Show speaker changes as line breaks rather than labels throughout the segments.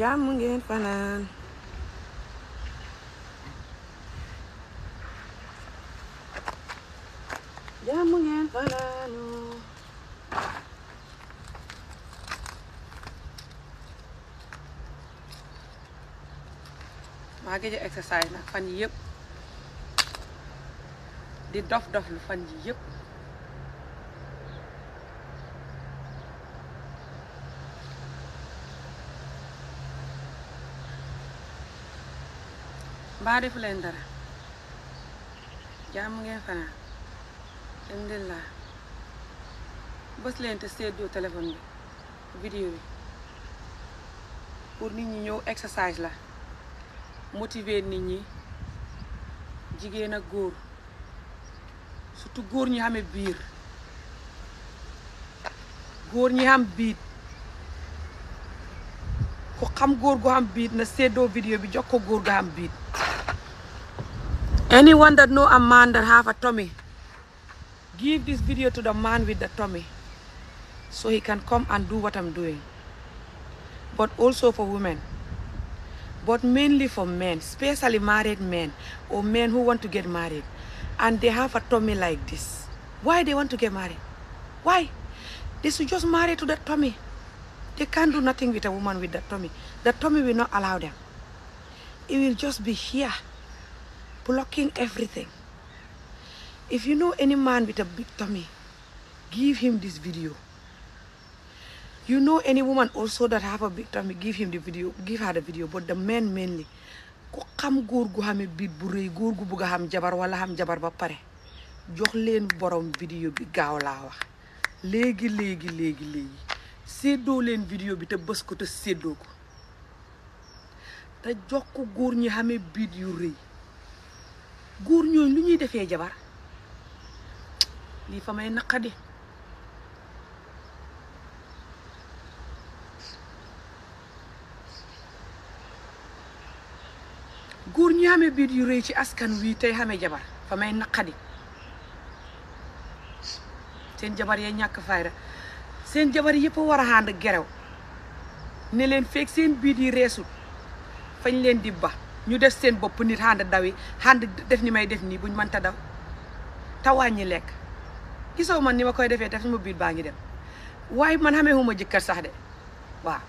jàmm ngeen fanaan jàmm ngeen fanaanu exercise nag fan yi yëpp di dof dof lu fan yi yëpp mbaa defu leen dara jàmm ngeen fanaan alhamdulilah bës leen te seddoo téléphone bi vidéo bi pour nit ñi ñëw exercice la motiver nit ñi jigéen ak góor surtout góor ñi ame biir góor ñi am biit ku xam góor gu xam biit na seddoo vidéo bi jox ko góor gu xam biit Anyone that know a man that have a tummy, give this video to the man with the tummy so he can come and do what I'm doing. But also for women, but mainly for men, especially married men or men who want to get married and they have a tummy like this. Why they want to get married? Why? They should just marry to that tummy. They can't do nothing with a woman with that tummy. That tummy will not allow them. It will just be here. blocking everything. If you know any man with a big tummy, give him this video. You know any woman also that have a big give him the video, give her the video, but the men mainly. ku xam góor gu xamee biit bu rëy góor gu bugg a xam jabar wala xam jabar ba pare jox leen borom vidéo bi gaaw laa wax léegi léegi léegi léegi leen vidéo bi te bës ko te séddoo ko te jox ko góor ñi xamee biit yu rëy góor ñooñu lu ñuy defee jabar lii fa may naqadi góor ñu amee biir yu rëy ci askan wi tey xamee jabar fa may naqadi seen jabar yee ñàkk fayda seen jabar yëpp a war a ànd gerew ne leen feeg seen biir yi reesut fañ leen di ba ñu def seen bopp nit xànd dawi xànd def ni may def nii buñ mënta daw te wàññi lekk gisoo man ni ma koy defee def suma biir baa ngi dem waaye man xamee huma jëkkër sax de waaw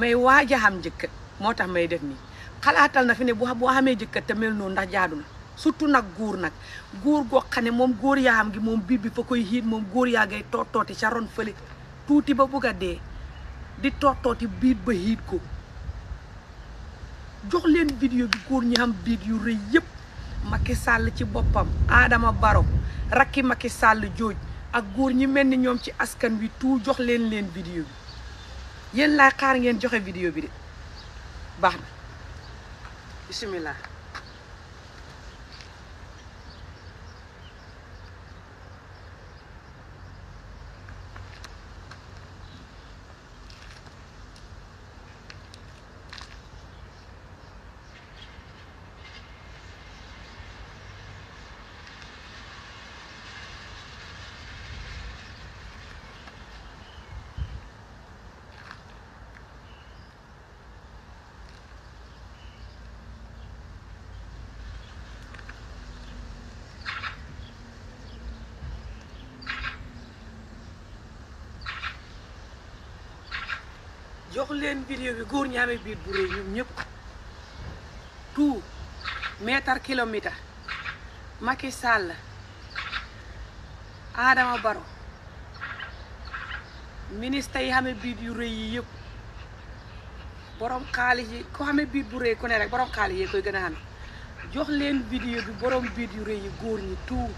may waaj a xam jëkkër moo tax may def nii xalaatal na fi ne bu boo xamee jëkkër te mel noonu ndax jaadu na surtout nag góor nag góor goo xam ne moom góor yaa xam gi moom biir bi fa koy xiit moom góor yaa ngay toot tooti ca ron fële tuuti ba bugg a dee di toot tooti biir ba xiit ko jox leen vidéo bi góor ñi am biig yu rëy yëpp Macky sàll ci boppam aadama Baro rakki Macky sàll jooj ak góor ñi mel ni ñoom ci askan wi tout jox leen leen vidéo bi yéen laay xaar ngeen joxe vidéo bi de baax na bisimilah. jox leen vidéo bi góor ñi amee biir bu rëy ñoom ñëpp tout mètre kilomètre Macky Sall Adama Baro ministre yi xamee biir yu rëy yi yëpp borom xaalis yi ko xamee biir bu rëy ku ne rek borom xaalis yi koy gën a xame jox leen vidéo bi borom biir yu rëy yi góor ñi tout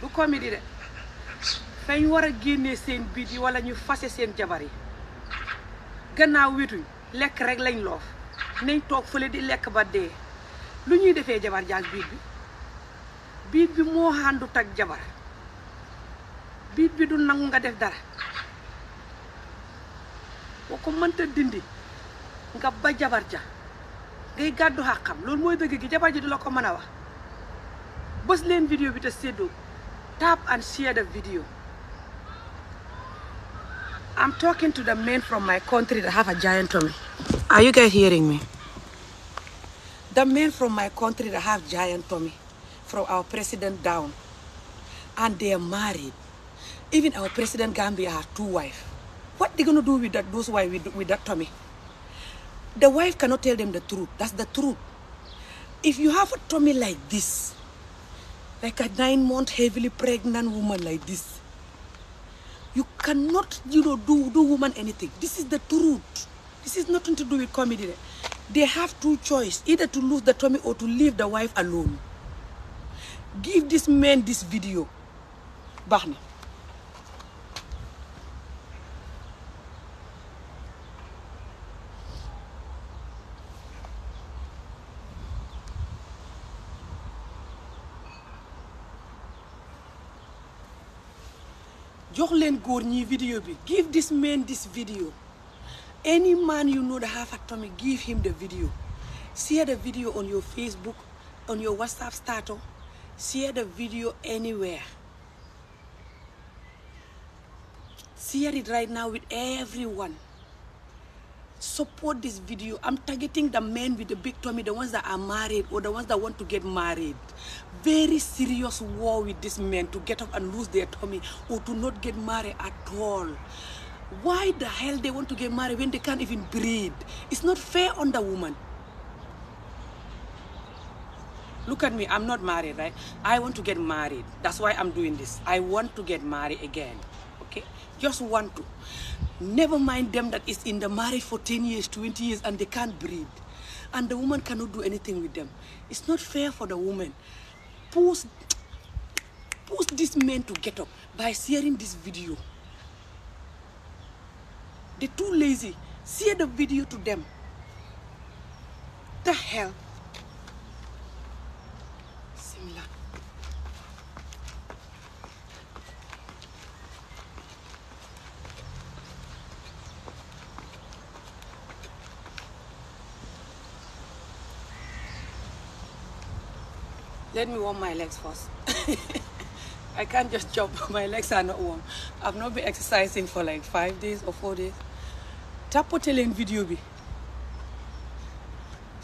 du comédie de fañ war a génnee seen biir yi wala ñu fase seen jabar yi gannaaw wituñ lekk rek lañ loof nañ toog fële di lekk ba dee lu ñuy defee jabar jaag biit bi biit bi moo àndut ak jabar biit bi du nangu nga def dara boo ko mënta dindi nga ba jabar ja ngay gàddu xàqam loolu mooy dëgg gi jabar ji du la ko mën a wax bés leen vidéo bi te séddoo tap and share the video I'm talking to the men from my country that have a giant tummy. Are you guys hearing me? The men from my country that have giant tummy, from our president down, and they are married. Even our president Gambia has two wives. What they gonna do with that those wives with, with that tummy? The wife cannot tell them the truth. That's the truth. If you have a tummy like this, like a nine-month heavily pregnant woman like this, you cannot you know do do woman anything this is the truth this is nothing to do with comedy de they have two choice either to lose the tummy or to leave the wife alone give this man this video baax na jox leen góor ñi video bi give this man this video any man you know that have atomic give him the video share the video on your Facebook on your WhatsApp status share the video anywhere share it right now with everyone support this video. I'm targeting the men with the big tummy, the ones that are married or the ones that want to get Very serious war with these men to get up and lose their tummy or to not get married at all. Why the hell they want to get married when they can't even breathe? It's not fair on the woman. Look at me, I'm not married, I want to get married. That's why I'm doing this. I want to get married again, okay? Just want to. Never mind them that is in the marriage for 10 years, 20 years, and they can't breed. And the woman cannot do anything with them. It's not fair for the woman. Post, post this man to get up by sharing this video. They're too lazy. Share the video to them. The hell? Let me warm my legs first. I can't just jump. My legs are not warm. I've not been exercising for like five days or four days. tàppate leen vidéo bi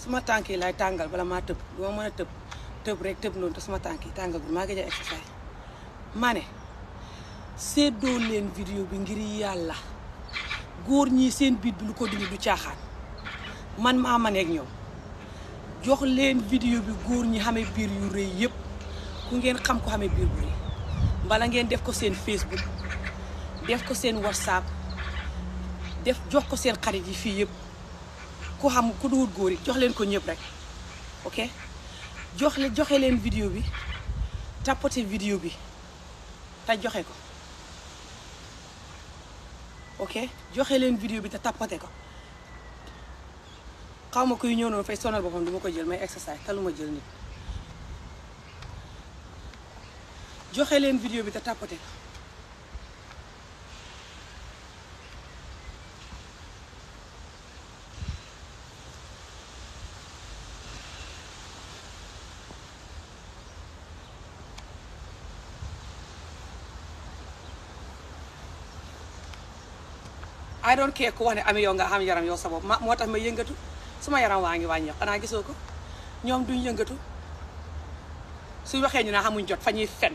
suma tànk yi laay tàngal bala maa tëb duma mën a tëb tëb rek tëb noonu te suma tànk yi tàngal bi maa ngi jël exercise maa ne seddoo leen bi ngir yàlla góor ñi seen biit bi lu ko dindi du caaxaan man maa maneeg ñëw jox leen vidéo bi góor ñi xamee biir yu rëy yëpp ku ngeen xam ko xamee biir bu rëy mbala ngeen def ko seen Facebook def ko seen WhatsApp def jox ko seen xarit yi fii yëpp ku xam ku duwut góor yi jox leen ko ñëpp rek ok jox le joxe leen vidéo bi tapote vidéo bi te joxe ko ok joxe leen vidéo bi te tapote ko xaw ma kuy ñëw noonu fay sonal boppam du ma ko jël may exercice taluma jël nit joxe leen vidéo bi te tàppate ko care ku wax ne amee yow nga xam yaram yow sa bopp ma moo tax ma yëngatu suma yaram waa ngi wàññi xanaa gisoo ko ñoom duñ yëngatu su waxee ñu ne xamuñ jot fa ñuy fen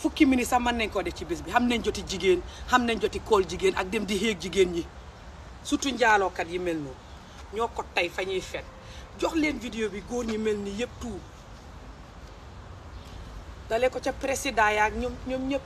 fukki minutes sax man nañ koo def ci bés bi xam nañ joti jigéen xam nañ joti kool jigéen ak dem di xéeg jigéen ñi surtout kat yi mel noonu ñoo ko tey fa ñuy fen jox leen vidéo bi góor ñi mel ni yëpp tout dalee ko ca président yaak ñoom ñoom ñëpp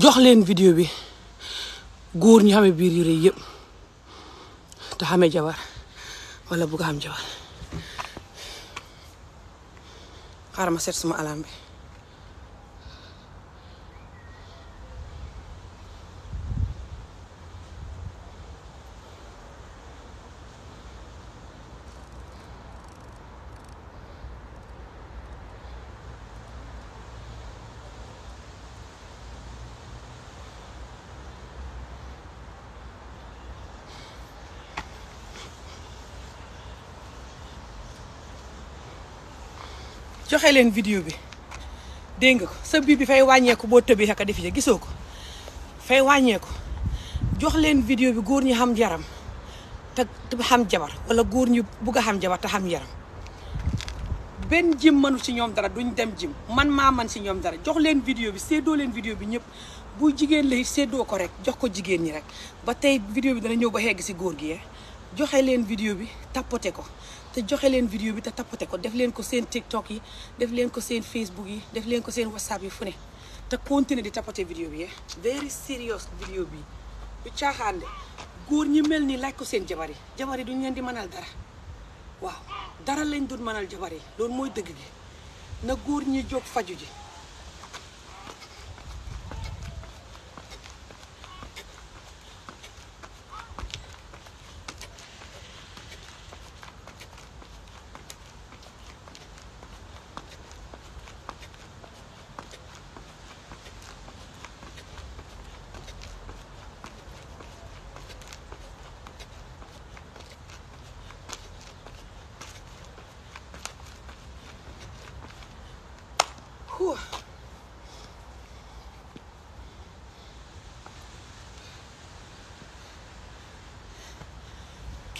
jox leen vidéo bi góor ñi xamee biir yu rëy yëpp te xamee jabar wala bugg a am jabar xaaral ma seet suma alam joxe leen vidéo bi dégg nga ko sa biir bi fay wàññeeku boo tëbee xaka defi ci gisoo ko fay wàññeeku jox leen vidéo bi góor ñi xam yaram te xam jabar wala góor ñi bugg a xam jabar yaram benn jim mënu ci ñoom dara duñ dem jim man maa man ci ñoom dara jox leen vidéo bi séddoo leen vidéo bi ñëpp bu jigéen la séddoo ko rek jox ko jigéen ñi rek ba tey vidéo bi dana ñëw ba xegg si góor gi eh? joxe leen vidéo bi tapoté ko te joxe leen vidéo bi te tapoté ko def leen ko seen TikTok yi def leen ko seen Facebook yi def leen ko seen WhatsApp yi fu ne te continuer di tapoté vidéo bi eh. very serious vidéo bi du caaxaan de góor ñi mel ni laaj ko seen jabar yi jabar yi duñ leen di mënal dara waaw dara lañ doon mënal jabar yi loolu mooy dëgg gi na góor ñi jóg faju ji.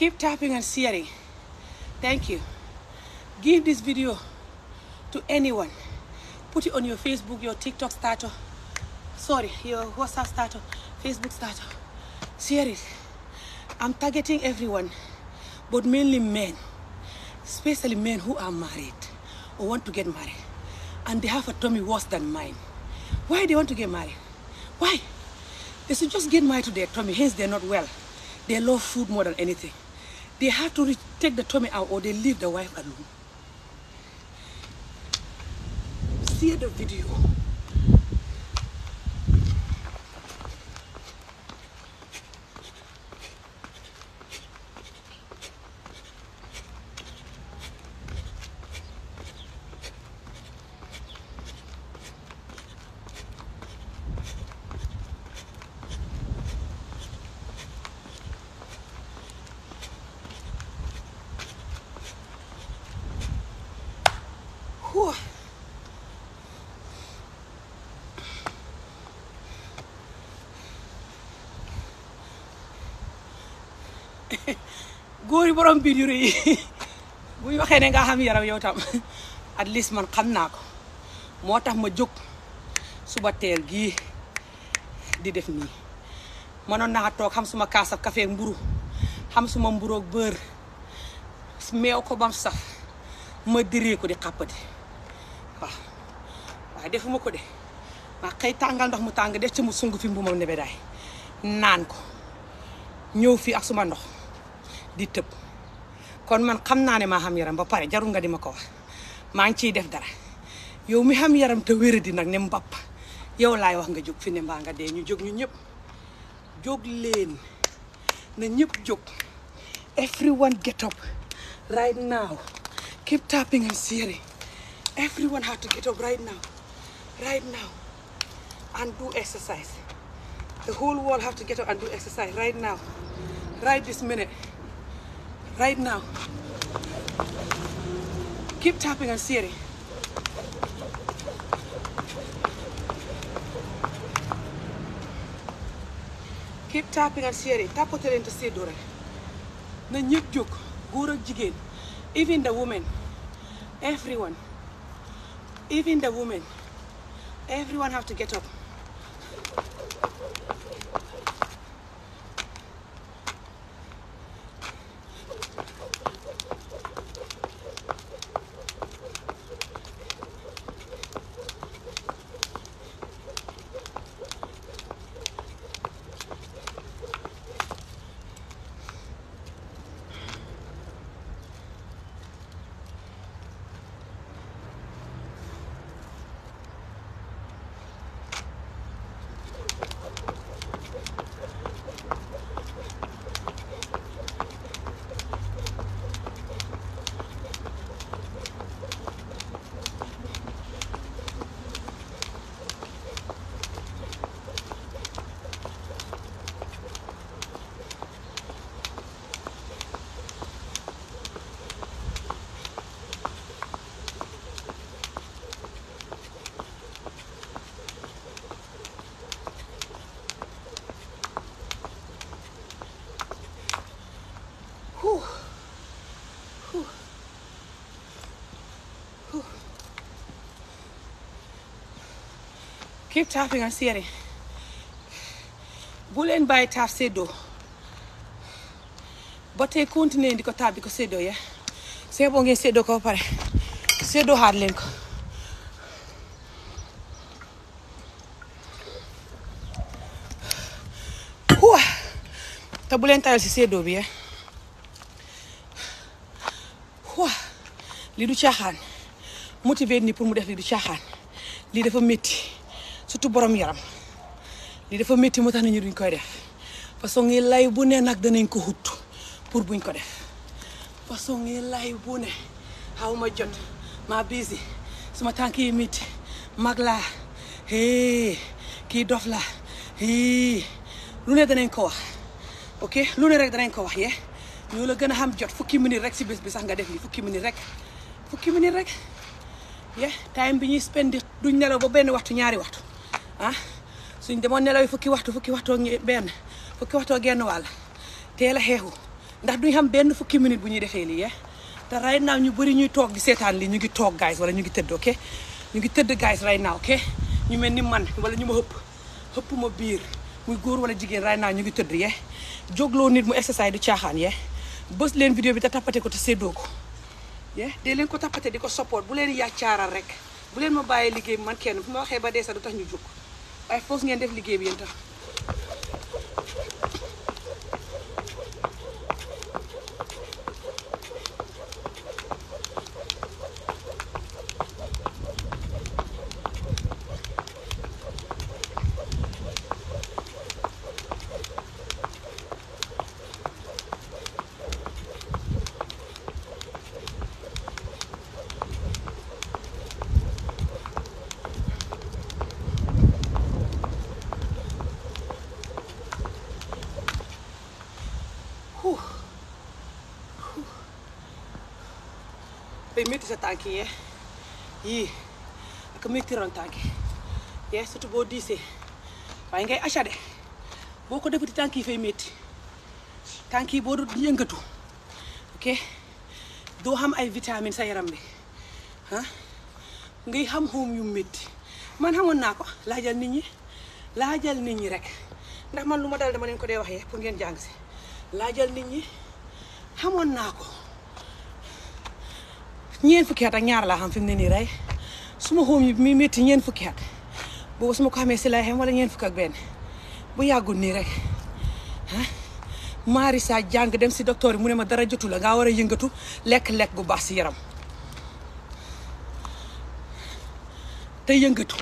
Keep tapping and sharing. Thank you. Give this video to anyone. Put it on your Facebook, your TikTok status. Sorry, your WhatsApp status, Facebook status. Share it. I'm targeting everyone, but mainly men, especially men who are married or want to get married. And they have a tummy worse than mine. Why they want to get married? Why? They should just get married to their tummy, hence they're not well. They love food more than anything. They had to take the tummy out or they leave the wife alone. See the video. borom biir yu rëy waxee ne nga xam yaram yow tam at least man xam naa ko moo tax ma jóg suba teel gii di def nii mënoon noon toog xam suma kaas ak mburu xam suma mburoog bër meew ko bam saf ma diree ko di xàppati waaw waaye defuma ko de ma xëy tàngal ndox mu tàng def ci mu sung fi mbuma nebedaay naan ko ñëw fii ak suma ndox di tëb kon man xam naa ne maa xam yaram ba pare jarul nga di ma ko wax maa ngi ciy def dara yow mi xam yaram te di nag ne mbapp yow laay wax nga jóg fi ne mbaa nga dee ñu jóg ñu ñëpp jóg leen na ñëpp jóg everyone get up right now keep tapping and cheering everyone have to get up right now right now and do exercise the whole world have to get and do exercise right now right this minute right now. Keep tapping and steering. keep tapping and steering tàppate leen te na ñëpp jóg góor ak jigéen even the women everyone even the women everyone have to get up keep tapping and searing bu leen bàyyi taaf séddoo ba tey continuer di ko taaf di ko séddoo ya see boo ngeen séddoo ko ba pare séddoo xaat leen ko huwa te bu leen tayal si séddoo bi ya huwa lii du caaxaan motiver nit pour mu def lii du caaxaan lii dafa métti surtout borom yaram li dafa métti moo tax nañu duñ koy def façon ngi lay bu ne nag danañ ko xut pour buñ ko def façon ngi lay bu ne xaw ma jot ma bisi suma tànk yi métti mag la hee kii dof la hee lu ne danañ ko wax ok lu ne rek danañ ko wax yee ñoo la gën a xam jot fukki nii rek si bés bi sax nga def li fukki minute rek fukki minute rek ye time bi ñuy spend duñ nelaw ba benn waxtu ñaari waxtu ah suñ demoon nelaw fukki waxtu fukki waxtoo benn fukki waxtoo genn wàll te a xeexu ndax duñ xam benn fukki minute bu ñuy defee lii eh te right now ñu bëri ñuy toog di seetaan lii ñu ngi toog guys wala ñu ngi tëdd ok ñu ngi tëdd guys right now ok ñu mel ni man wala ñu ma xëpp xëpp ma biir muy góor wala jigéen right now ñu ngi tëdd ye eh? jógloo nit mu exercice du caaxaan ye eh? bës leen vidéo bi te tappate ko te seddoo ko ye eh? dee leen ko tappate di ko support bu leen yàccaaral rek bu leen ma bàyyee liggéey man bu ma waxee ba dee sax du tax waaye foos ngeen def liggéey bi yéen tam tiiral tànk yi yee surtout boo diisee waaye ngay acharné boo ko defati tànk yi fay métti tànk boo du yëngatu ok doo xam ay vitamine sa yaram bi ah ngay xam xoom yu métti man xamoon naa ko laajal nit ñi laajal nit ñi rek ndax man lu ma dal ma leen ko dee waxee pour ngeen jàng si laajal nit ñi xamoon naa ko ñeent fukki at ak ñaar laa xam fi ne nii rey su suma xoom yi mi métti ñeen fukki at boobu suma ko xamee si lay xam wala ñeen fukki ak benn bu yàggul nii rek ah maari saa jàng dem si docteur yi mu ne ma dara jotu la war a yëngatu lekk-lekk gu baax si yaram te yëngatu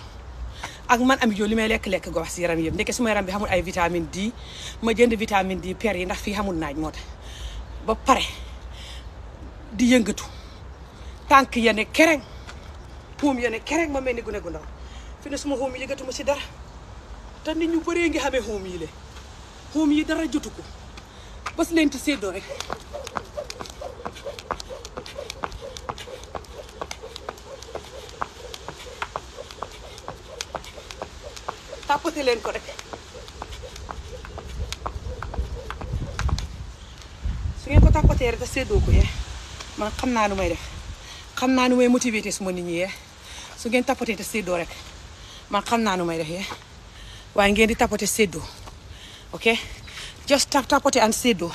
ak man am joo li may lekk-lekk gu baax si yaram yëpp ndeke suma yaram bi xamul ay vitamine di ma jënd vitamine di per yi ndax fii xamul naaj moo tax ba pare di yëngatu tànk ya ne xuum ya ne kerek ma mel ni gune gu ndaw fi ne suma xuum yi yëgatuma si dara te nit ñu bëree ngi xamee xuum yi le xuum yi dara jutu ko bas leen ti séddoo rek leen ko rek su ko tàppatee rek te séddoo yee man xam naa nu may def xam naa nu may motivité suma nit ñi yee su ngeen tapoté te séddoo rek man xam naa nu may defee waaye ngeen di tapoté séddoo ok just tap tapoté séddoo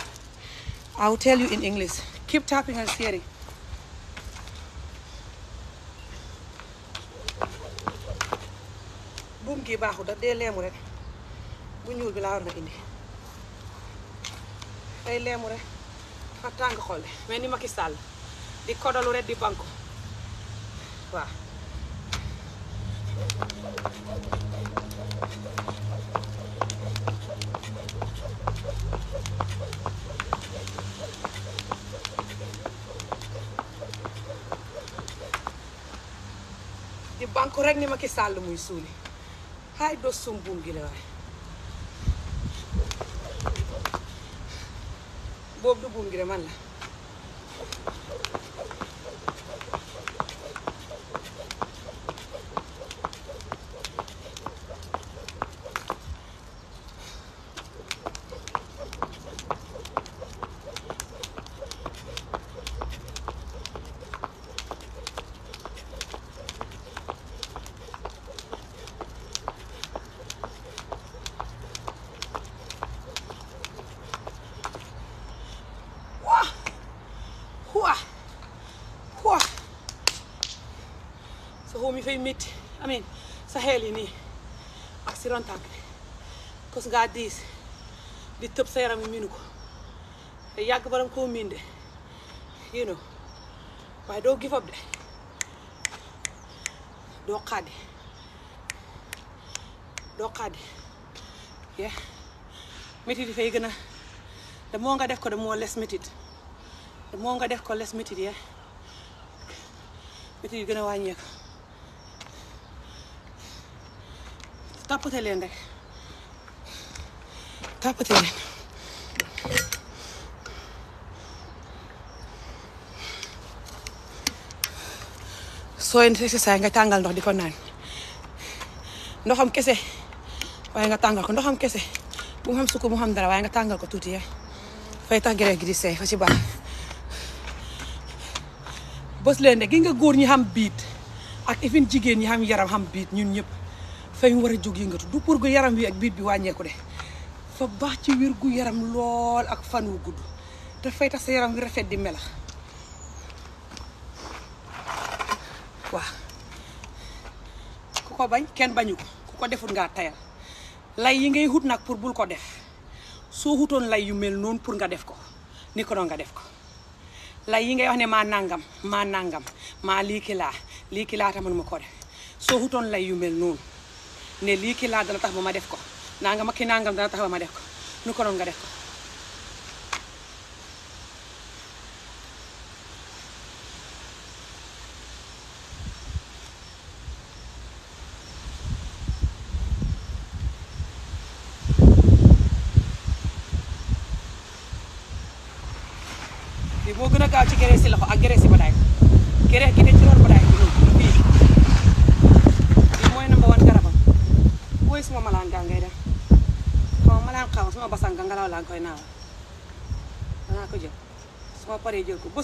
I will tell you in English keep tapping and sharing buum gi baaxul daf leemu rek bu ñuul bi laa war na indi day leemu rek fa tàng xolle mais ni Macky Sall di kodalu rek di banko waaw di banku rek ni Macky Sall muy suuli xaay dos sum gi la waay boobu du buum gi de man la ngaa diis di tëb sa yaram yi miinu ko te yàgg baram koo miin de you waaye doo give de doo xaadi doo xaadi ye métit yi fay gën a da moo nga def ko da moo les métit da nga def ko les métit ye métit yi gën a wàññeeku tappate leen rek Tap it in. soo indi exercice nga tàngal ndox di ko naan ndoxam kese waaye nga tàngal ko ndoxam kese bu mu xam sukk mu xam dara waaye nga tàngal ko tuuti yaay fay tax gere gi di seey fa ci baax bës de gi nga góor ñi xam biit ak ifin jigéen ñi xam yaram xam biit ñun ñëpp fay war a jóg yëngatu du pour gu yaram wi ak biit bi wàññeeku de fa baax ci wiir gu yaram lool ak fan wu gudd dafay tax sa yaram wi rafet di melax waaw ku ko bañ kenn bañu ko ku ko defut ngaa tayal lay yi ngay wut nag pour bul ko def soo wutoon lay yu mel noonu pour nga def ko ni ko noonu nga def ko lay yi ngay wax ne maa nangam maa nangam maa lii ki laa lii ki ma ko def soo wutoon lay yu mel noonu ne lii ki laa dana tax ba ma def ko nangam ak ki nangam dana taxaw ma def ko nu ko noonu nga def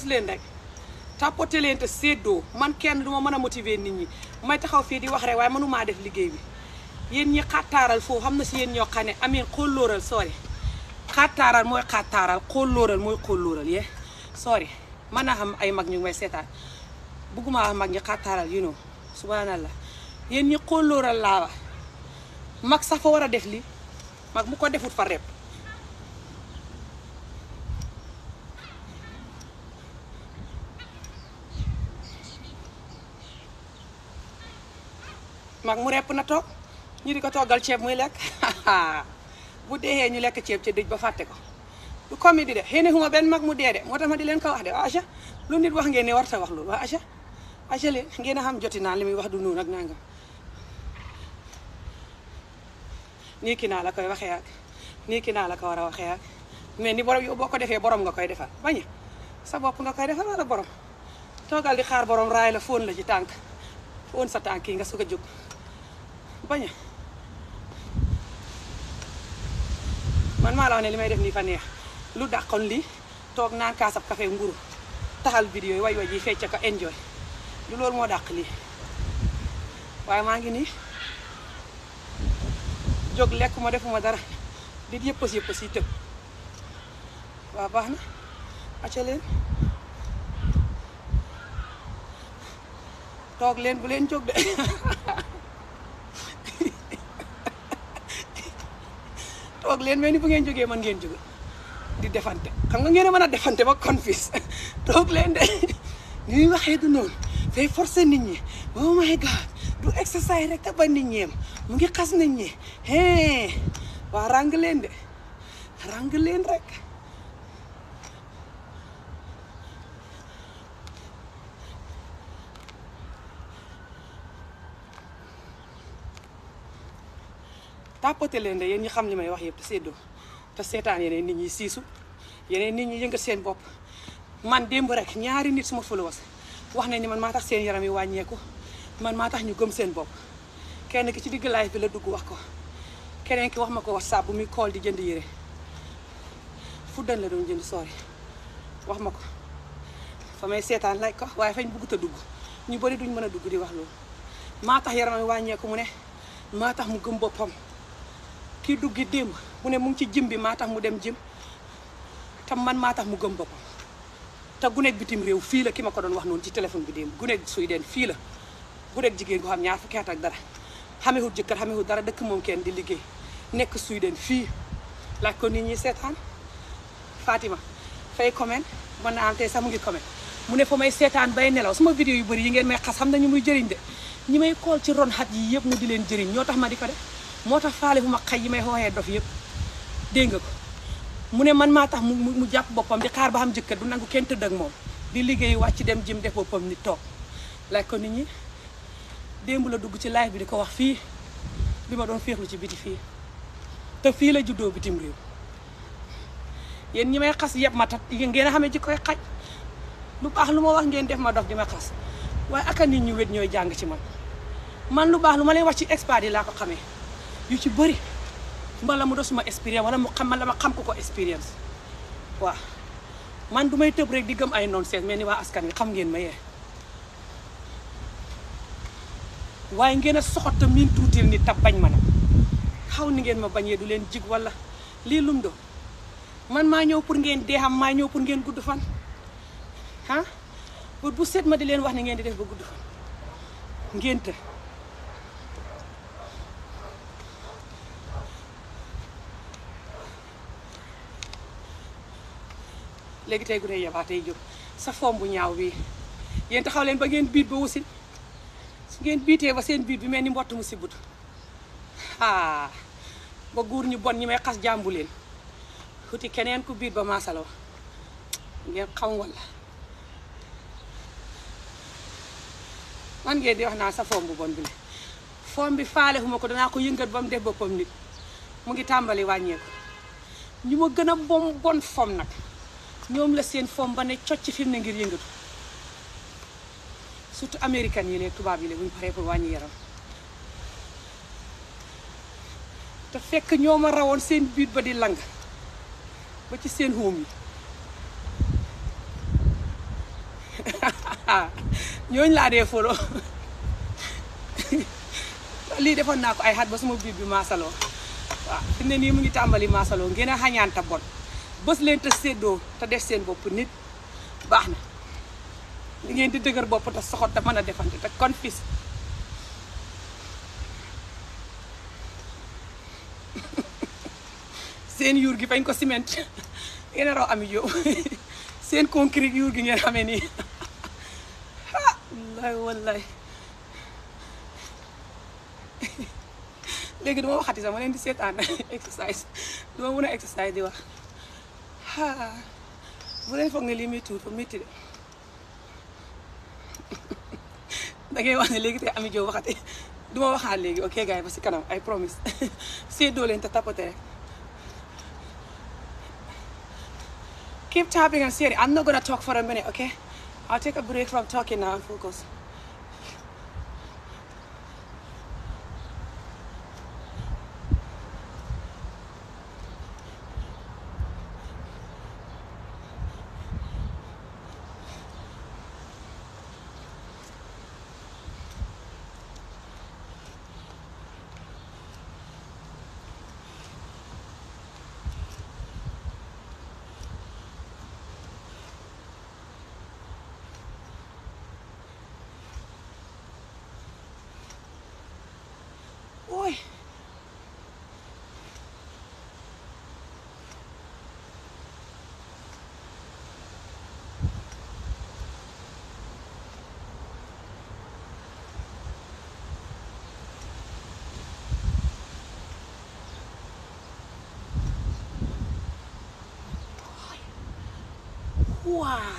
leen rek tapoté leen te séddoo man kenn du ma mën a motiver nit ñi may taxaw fii di wax rek waaye mënumaa def liggéey bi yéen ñi xattaaral foofu xam na si yéen ñoo xam ne amee xóllóoral sorry xattaaral mooy xattaaral xóllóoral mooy xóllóoral yee sorry mën naa xam ay mag ñu may seetaan bëgguma wax mag ñi xattaaral you know subhanallah yéen ñi xóllóoral laa wax mag sax fa war a def li mag mu ko defut fa rep mag mu repp na toog ñu di ko toggal ceeb muy lekk bu deexee ñu lekk ceeb ca dëj ba fàtte ko du comédie de xëy na xuma benn mag mu dee de moo tax ma di leen ko wax de waa Aja lu nit wax ngeen ne war ta wax loolu waa ngeen a xam joti naa li muy wax du noonu ak ki naa la koy waxee ak nii ki naa la ko war a waxee ak mais ni borom yow boo ko defee boroom nga koy defal bañ sa bopp nga koy defal wala borom toogal di xaar borom raay la fóon la ci tànk fóon sa tànk yi nga sug a jóg bañ man maa la wax ne li may def nii fa neex lu dàqoon lii toog naan kaasab café nguru taxal vidéo yi way way yi fecc ko enjoy lu loolu moo dàq lii waaye maa ngi nii jóg lekk defuma dara di yëppas yëppas yi tëb waaw baax na acca leen toog leen bu leen jóg de toog leen mel ni bu ngeen jógee man ngeen jóge di defante xam nga ngeen a mën a defante ba confis toog leen de ñuy waxee du noonu day forcer nit ñi oh my god du exercice rek te ba nit mu ngi xas nit ñi hee waa ràng leen de ràng leen rek tàppate leen de yéen ñi xam li may wax yëpp te séddoo te seetaan yeneen nit ñi siisu yeneen nit ñi yëngal seen bopp man démb rek ñaari nit suma followers wax nañ ni man maa tax seen yaram yi wàññeeku man maa tax ñu gëm seen bopp kenn ki ci digg live bi dugg wax ko keneen ki wax ma ko whatsapp bu muy call di jënd yére fuddan la doon jënd soori wax ma ko fa may seetaan lay ko waaye fañ bugg dugg ñu bari duñ mën a dugg di wax loolu maa tax yaram yi wàññeeku mu ne maa tax mu gëm boppam kii duggi démb mu ne mu ngi ci jim bi maa tax mu dem jim tam man maa tax mu gëm boppam te guneeg bitim réew fii la ki ma ko doon wax noonu ci téléphone bi démb guneeg Sweden fii la guneeg jigéen ko xam ñaar fukki at ak dara xamewut jëkkër dara dëkk moom kenn di liggéey nekk Sweden fii laaj ko nit ñi seetaan Fatima fay comment mën naa am tey sax mu ngi comment mu ne foo may seetaan bay nelaw suma vidéo yu bari yi ngeen may xas xam ñu muy jëriñ de ñu may kool ci ron xat yi yëpp mu di leen jëriñ ñoo tax ma di ko def moo tax faale fu ma xay yi may xooxee dof yëpp dégg nga ko mu ne man maa tax mu mu jàpp boppam di xaar ba xam jëkkër du nangu kenn tëdd ak moom di liggéey ci dem jëm def boppam ni toog laaj ko nit ñi démb la dugg ci live bi di ko wax fii bi ma doon féexlu ci biti fii te fii la juddoo bitim réew yéen ñi may xas yëpp ma tat ngeen a xamee ci koy xaj lu baax lu ma wax ngeen def ma dof di ma xas waaye aka nit ñu wet ñooy jàng ci man man lu baax lu ma lay wax ci expat yi laa ko xamee yu ci bëri mbala mu doon suma expérience wala mu xam man la ma xam ko ko expérience waaw man du may tëb rek di gëm ay nonsense mel ni waa askan wi xam ngeen ma yee waaye ngeen a soxota miin tuutil ni tab bañ ma nag xaw ni ngeen ma bañee du leen jig wala lii lum do man maa ñëw pour ngeen dee maa ñëw pour ngeen gudd fan ah bu set ma di leen wax ni ngeen di def ba gudd fan ngeen léegi tey gune yabaatey jóg sa foom bu ñaaw bi yéen taxaw leen ba ngeen biit ba wusin su ngeen biitee ba seen biit bi mel ni mbott mu sibut ah ba guur ñi bon ñi may xas jàmbuleen leen keneen ku biit ba maasalaw ngeen xam walla man ngeen di wax naa sa foom bu bon bi le foom bi faale xuma ko danaa ko yëngat ba mu def boppam nit mu ngi tàmbali wàññeeku ñu ma gën a bon bon foom nag ñoom la seen fom ba ne cocc fi mu ne ngir yëngatu surtout américain yi lee tubaab yi lee bu ñu wàññi yaram te fekk ñoo rawoon seen biit ba di lang ba ci seen xóom ñooñ ñooñu laa dee folo lii defoon naa ko ay xat ba suma biit bi maasaloo waaw fi nii mu ngi tàmbali maasaloo ngeen a xañaanta bon bës leen te seddoo te def seen bopp nit baax na li ngeen di dëgër bopp te soxo te mën a defante te kon fis seen yuur gi fañ ko ciment ngeen a raw am yow seen concret yuur gi ngeen xamee nii ah wallaay wallaay léegi duma waxati sax ma leen di seetaan exercise duma mën a exercise di wax bu leen foog ne lii muy tuur de da ngay wax ne léegi tey Ami Diop waxate du ma waxaat léegi ok gars yi ba si kanam ay promise séddoo leen te tapote rek keep tapping and sharing I'm not gonna talk for a minute okay I'll take break from talking now focus. Wow.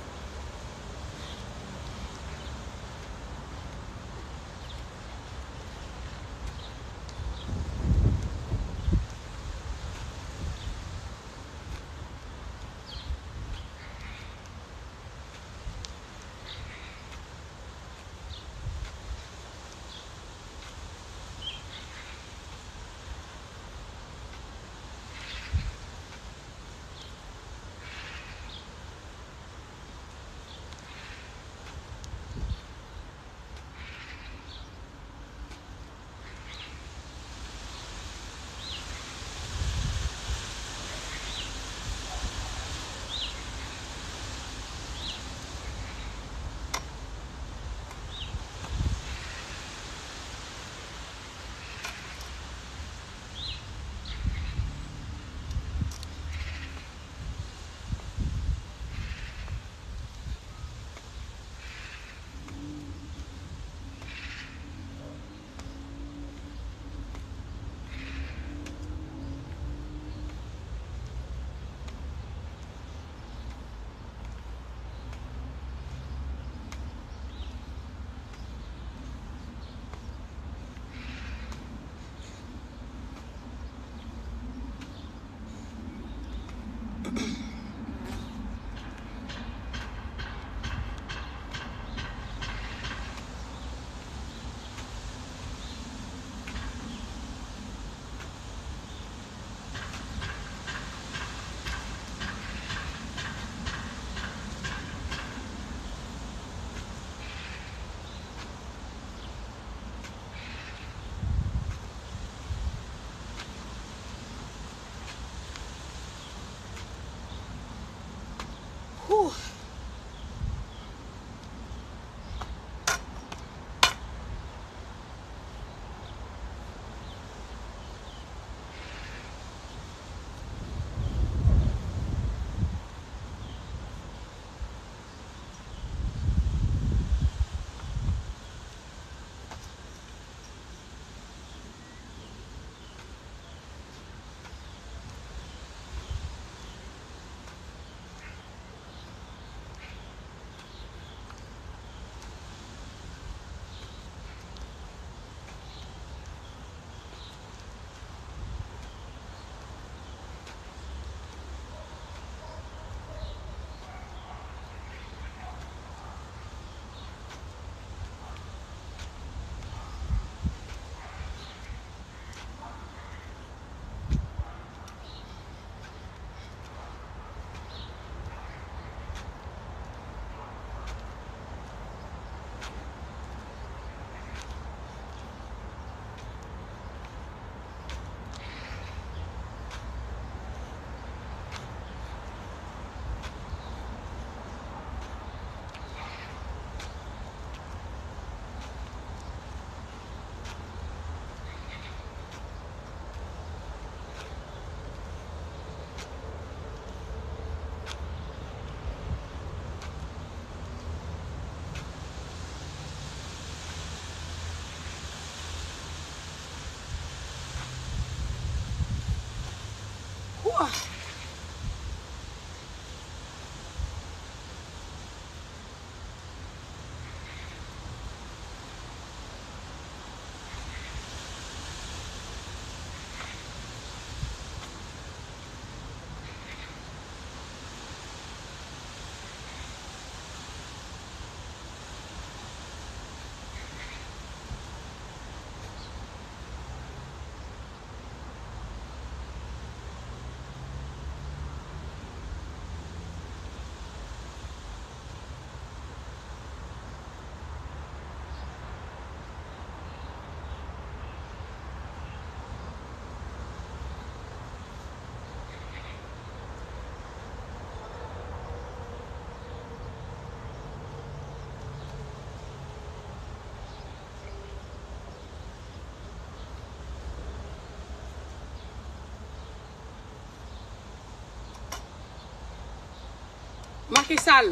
Macky Sall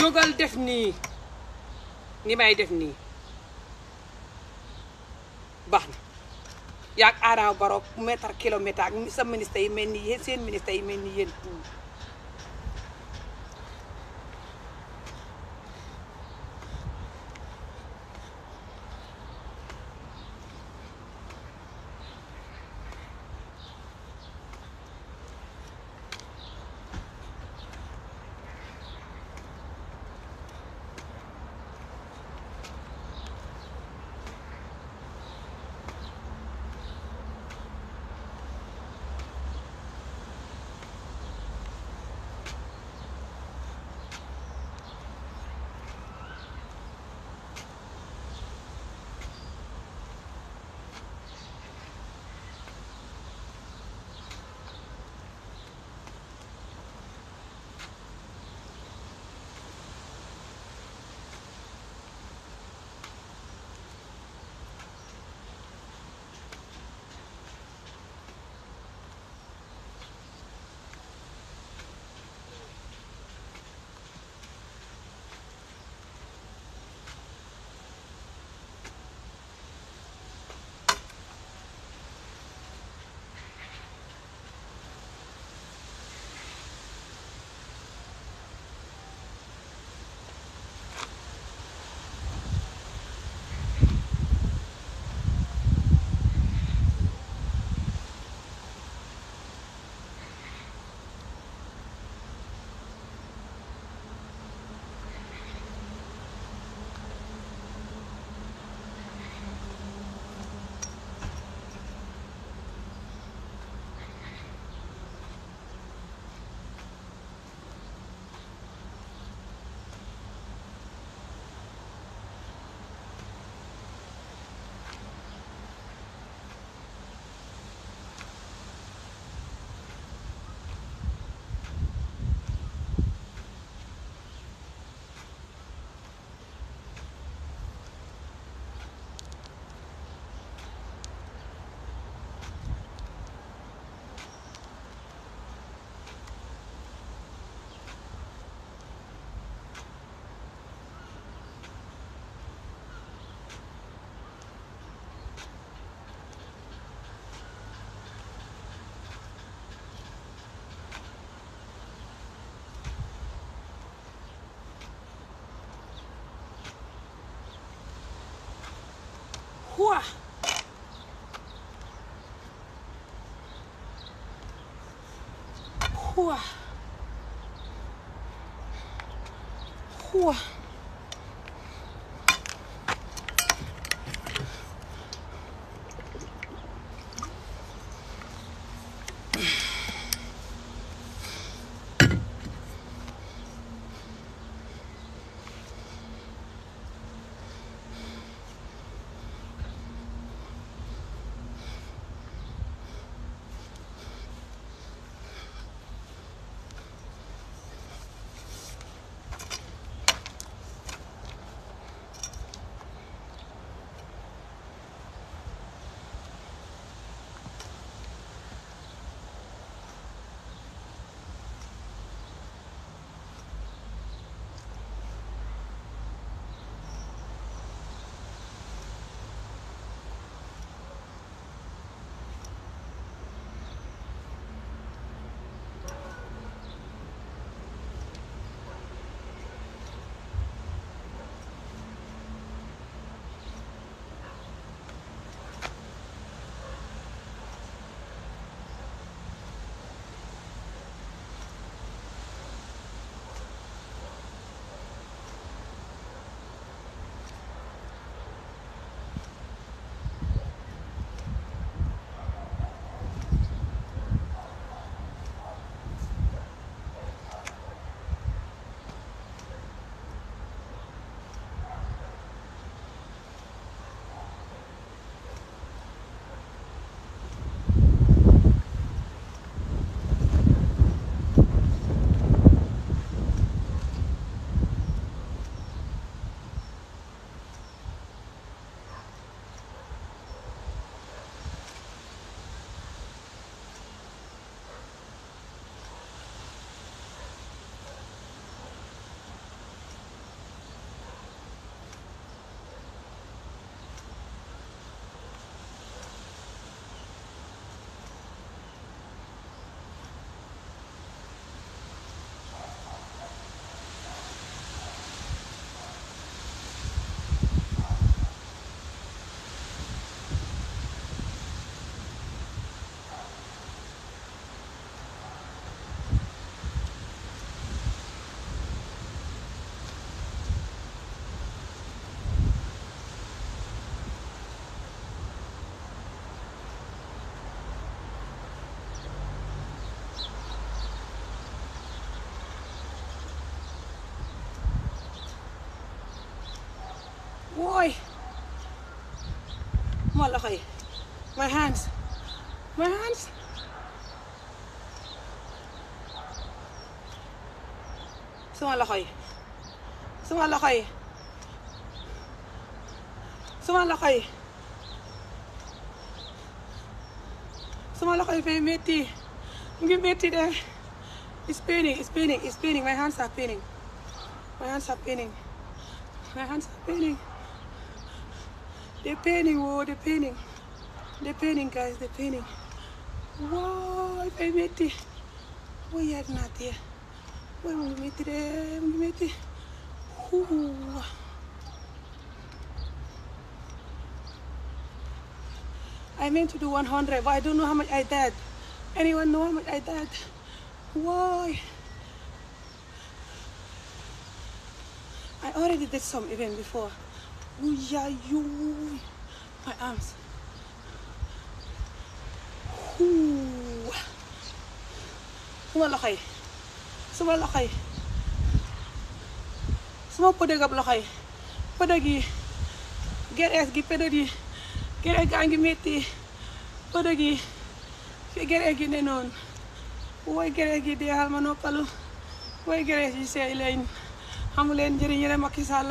jógal def nii li may def nii baax na yaag aaraaw baroog mètre kilomètre sa ministre yi mel ni yéen seen ministre yi mel ni yéen quoi Quoi Quoi wooy ma loxo yi my hands my hands suma loxo yi suma loxo yi suma loxo yi suma loxo yi fay métti ngi métti de it's paining it's paining it's paining my hands are paining my hands are paining my hands are paining They're oh, painting, whoa, they're painting. They're painting, guys, they're painting. Wow, ay métti way yàgg naa tee way mu ngi métti I meant to do 100 I don't know how much I did anyone know how much I did why I already did some even before Ooh, My arms. Ooh. suma loxo yi suma loxo yi suma pëdëgab loxo yi pëdëg yi gerees gi pëdëg yi gerees gaa ngi metti pëdëg gi fi gerees gi ne noonu woy gerees gi dee ma noppalu woy gerees yi seey leen xamuleen njëriñ yi ne Macky Sall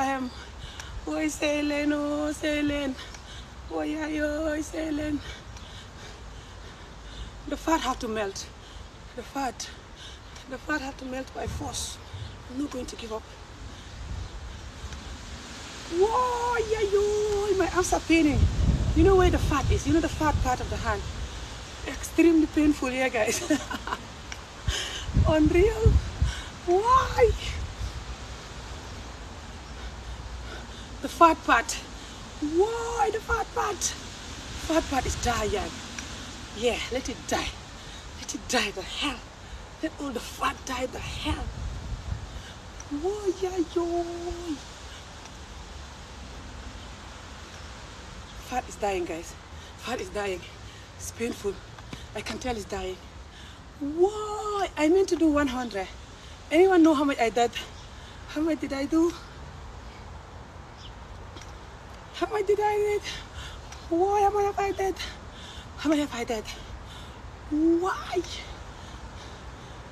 woy sey leen oo sey leen oo yaay yooy sey leen the fat had to melt the fat the fat had to melt by force I'm not going to give up woo yaay yooy my arms are paining you know where the fat is you know the fat part of the hand extremely painful yeah guys unreal why The fat part. Why the fat part? Fat part is dying. Yeah, let it die. Let it die the hell. Let all the fat die the hell. Why, yeah, yo. Fat is dying, guys. Fat is dying. It's I can tell it's dying. Why? I meant to do Anyone know how much I did? How much did I do? Am I dead? Why am I dead? Am I dead? Why?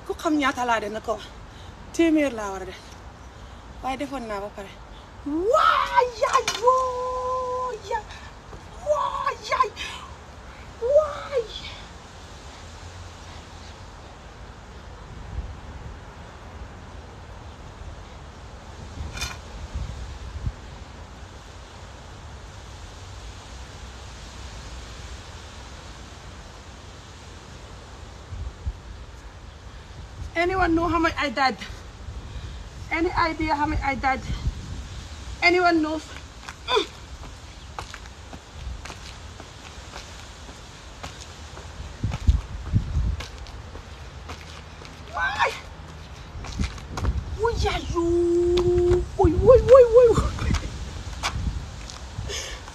ku xam ñaata laa de na ko téeméer laa war a def waaye defoon naa ba pare waa yaay woo yaay waay anyone know how much I died? Any idea how much I died? Anyone knows? Mm. Why? Why are you? Why, why, why, why?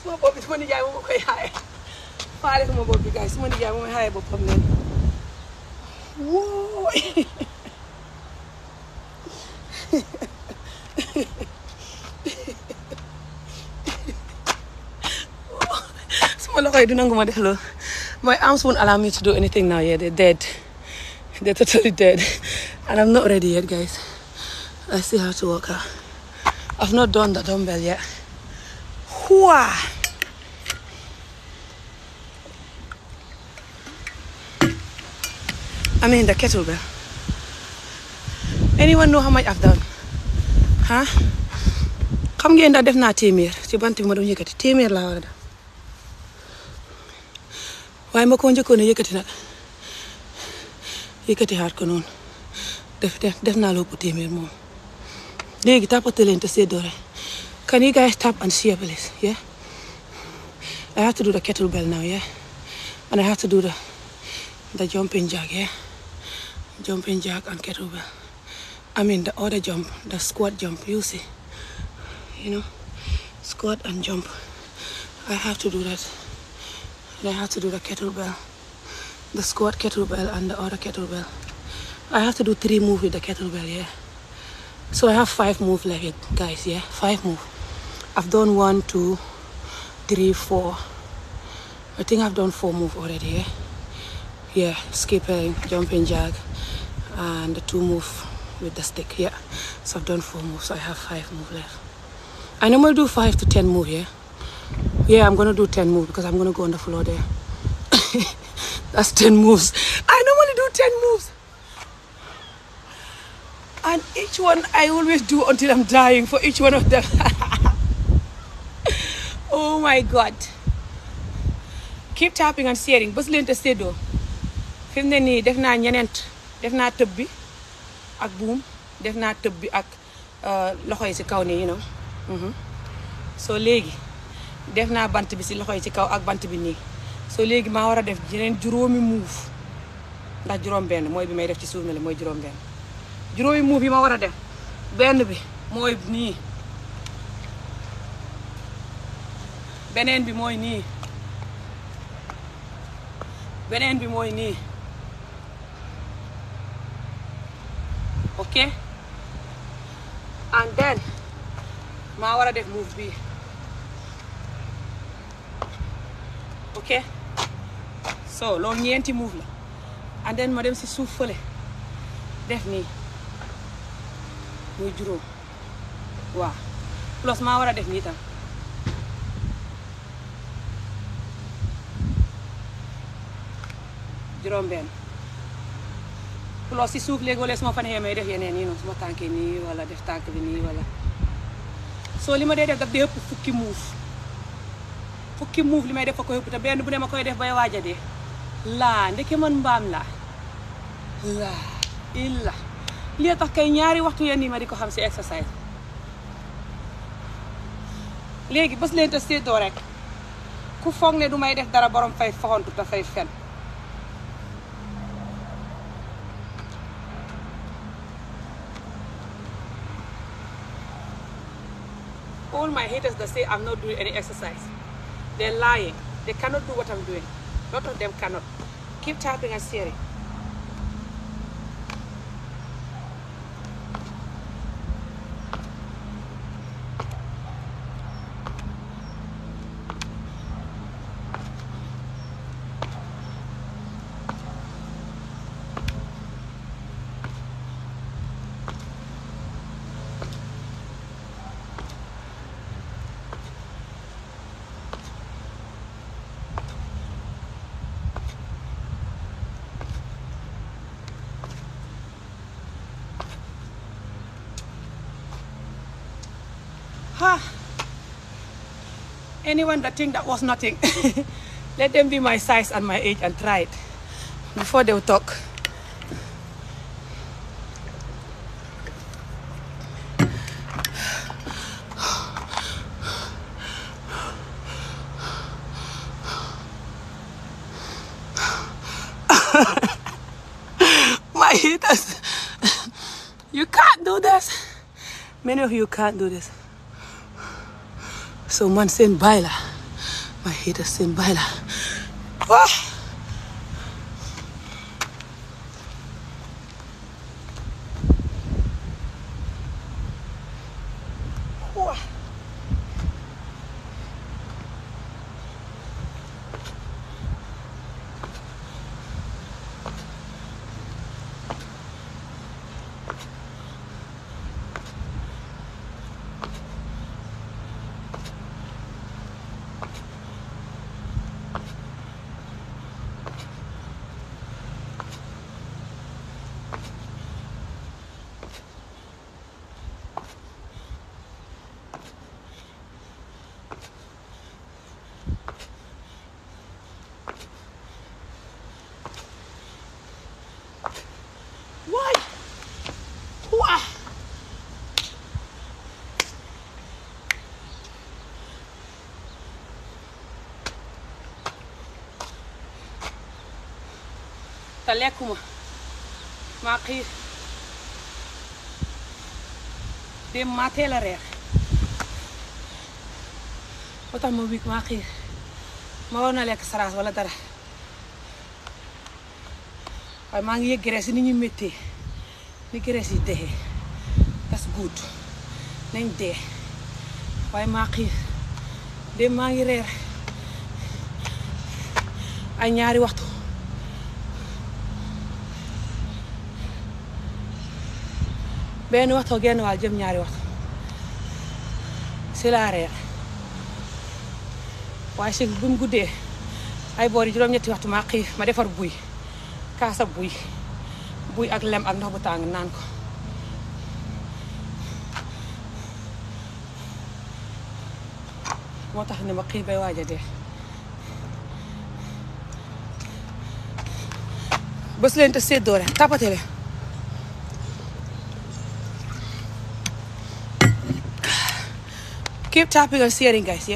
suma bopp bi suma nijaay moom ma koy xaaye faale suma bopp bi gars suma nijaay moom ma xaaye boppam leen wóoy suma loxo yi du nangu ma def loolu my arms won't allow me to anything now yeah they're dead they're totally dead and I'm not ready yet guys I still have to work out I've not done the dumbbell yet Hooah! I mean the kettlebell anyone know how much I've done ngeen ndax def naa téeméer ci bant bi ma doon yëkkati téeméer laa war a waaye ma ko njëkkoon a yëkkati nag yëkkati xaar ko noonu def def naa loo bu téeméer moom léegi tàppate leen te seddoo rek Can you guys and share please? Yeah. I have to do the kettlebell now, yeah. And I have to do the the jumping jack, yeah. I mean the other jump, the squat jump, you see. You know, squat and jump. I have to do that. And I have to do the kettlebell, the squat kettlebell and the other kettlebell. I have to do three moves with the kettlebell, yeah. So I have five moves like it, guys, yeah, five moves. I've done one, two, three, four. I think I've done four moves already, yeah. Yeah, skipping, jumping jack, and the two moves with the stick. Yeah. So I've done four moves. So I have five moves left. I normally do five to ten moves. Yeah. Yeah, I'm gonna do ten moves because I'm gonna do ten moves. And each one I always do until I'm dying for each one of them. oh my god. keep tapping and sharing bës leen te séddoo fi mu ne nii def naa ñeneent def naa tëb bi ak buum def naa tëb bi ak euh, loxo yi ci kaw nii you know mm-hmm. soo léegi def naa bant bi si loxo yi ci kaw ak bant bi nii soo léegi maa war a def jeneen juróomi muuf ndax juróom benn mooy bi may def ci suuf na la mooy juróom benn juróomi muuf yi ma war a def benn bi mooy beneen bi mooy nii beneen bi mooy nii ok and then maa war a def move bi ok so loolu ñeenti move la and then ma dem si suuf fële def nii muy juróom waaw plus maa war a def nii tam juróom benn lool si suuf léegoo lees moo fa neexee may def yeneen yi noonu su ma tànkee nii wala def tànk bi nii wala soo li ma dee def daf dee ëpp fukki muuf fukki muuf li may def fa ko ëpp te benn bu ne ma koy def bay waaj a dee laa ndeke man mbaam laa laa illa lii tax kay ñaari waxtu yenn yi ma di ko xam si exercice léegi bés leen te séddoo rek ku foog ne dumay def dara borom fay foxantu te fay fen all my haters that say I'm not doing any exercise, they're lying. They cannot do what I'm doing. A lot of them cannot. Keep typing and sharing. ha anyone that think that was nothing let them be my size and my age and try it before they will talk my haters you can't do this many of you can't do this so man seen baay la ma hiita seen baay la ah! te lekkuma maa xiif démb maa teel a reer ba tax ma wik maa xiif ma war na lekk saraas walla dara waaye maa ngi yëg graisse yi ni ñu méttee ni graisse yi dexee tas guut nañ dee waaye maa xiif démb maa ngi reer ay ñaari waxtu benn waxtu genn waa jëm ñaari waxtu si laa reer waaye si bu guddee ay boor yi juróom-ñetti waxtu maa xiif ma defar buy kaasa buy buy ak lem ak ndox bu tàng naan ko moo tax ne ma xiif bay waaj a dee bés leen te séddoo leen tapate keep tapping and sharing guys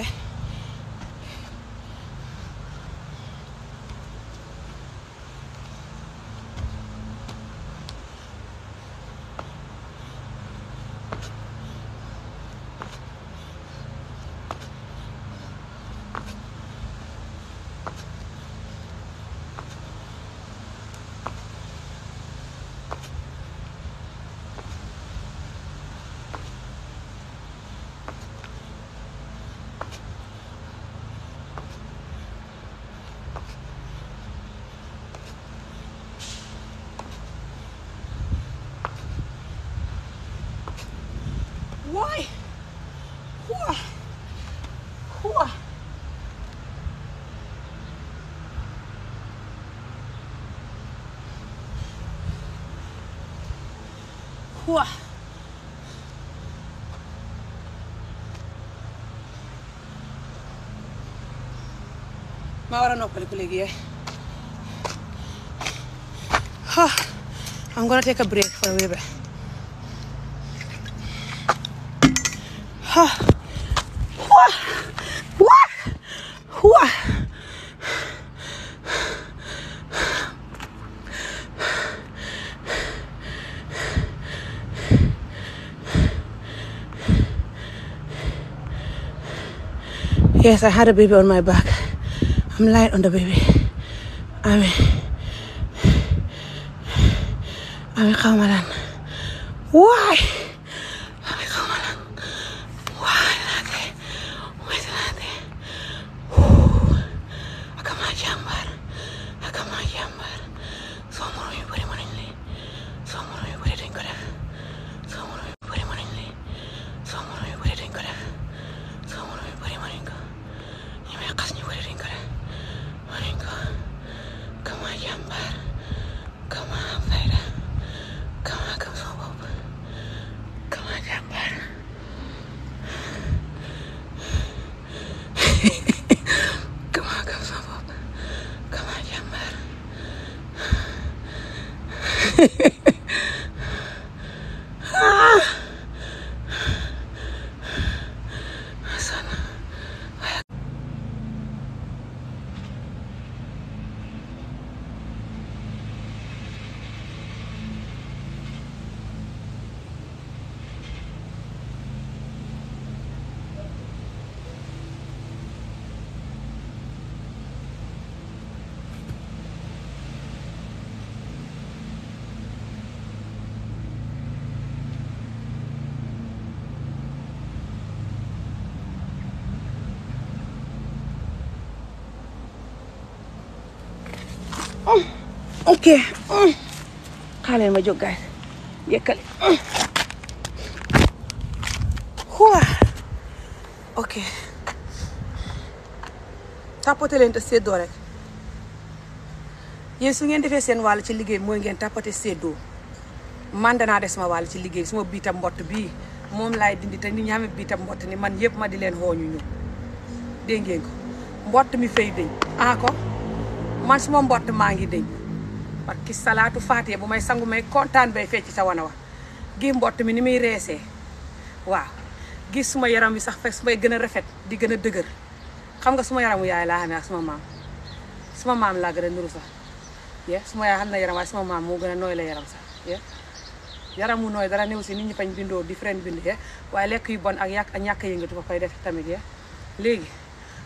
war a noppaliku léegi yaay ah I'm gonna take a break for a wee bit ah wah wah wah Yes, I had a baby on my back. I'm light on the baby ami ami xaw ma waay ok xaaral ma jóg guys yekkale ok tàppate leen te séddoo rek yéen su ngeen defee seen wàll ci liggéey mooy ngeen tàppate séddoo man danaa de ma wàll ci liggéey suma biitam mbott bii moom laay dindi te nit ñi biitam mbott ni man yëpp ma di leen xooñu ñu dégg ngeen ko mbott mi fay dëñ ah ko man suma mbott maa ngi dëñ barki salaatu faatee bu may sangu may kontaan bay fecc sa wana wa gi mbott mi ni muy reese waaw gis suma yaram wi sax fekk su may gën a rafet di gën a dëgër xam nga suma yaramu yaay laa xamee suma maam suma maam laa gën a nuru sax ye suma xam na yaram waaye suma maam moo gën a nooy la yaram sax ye yaramu nooy dara néew si nit ñi pañ bindoo différent bind ye waaye lekk yi bon ak yàq ak ñàkk yëngatu ko koy def tamit ye léegi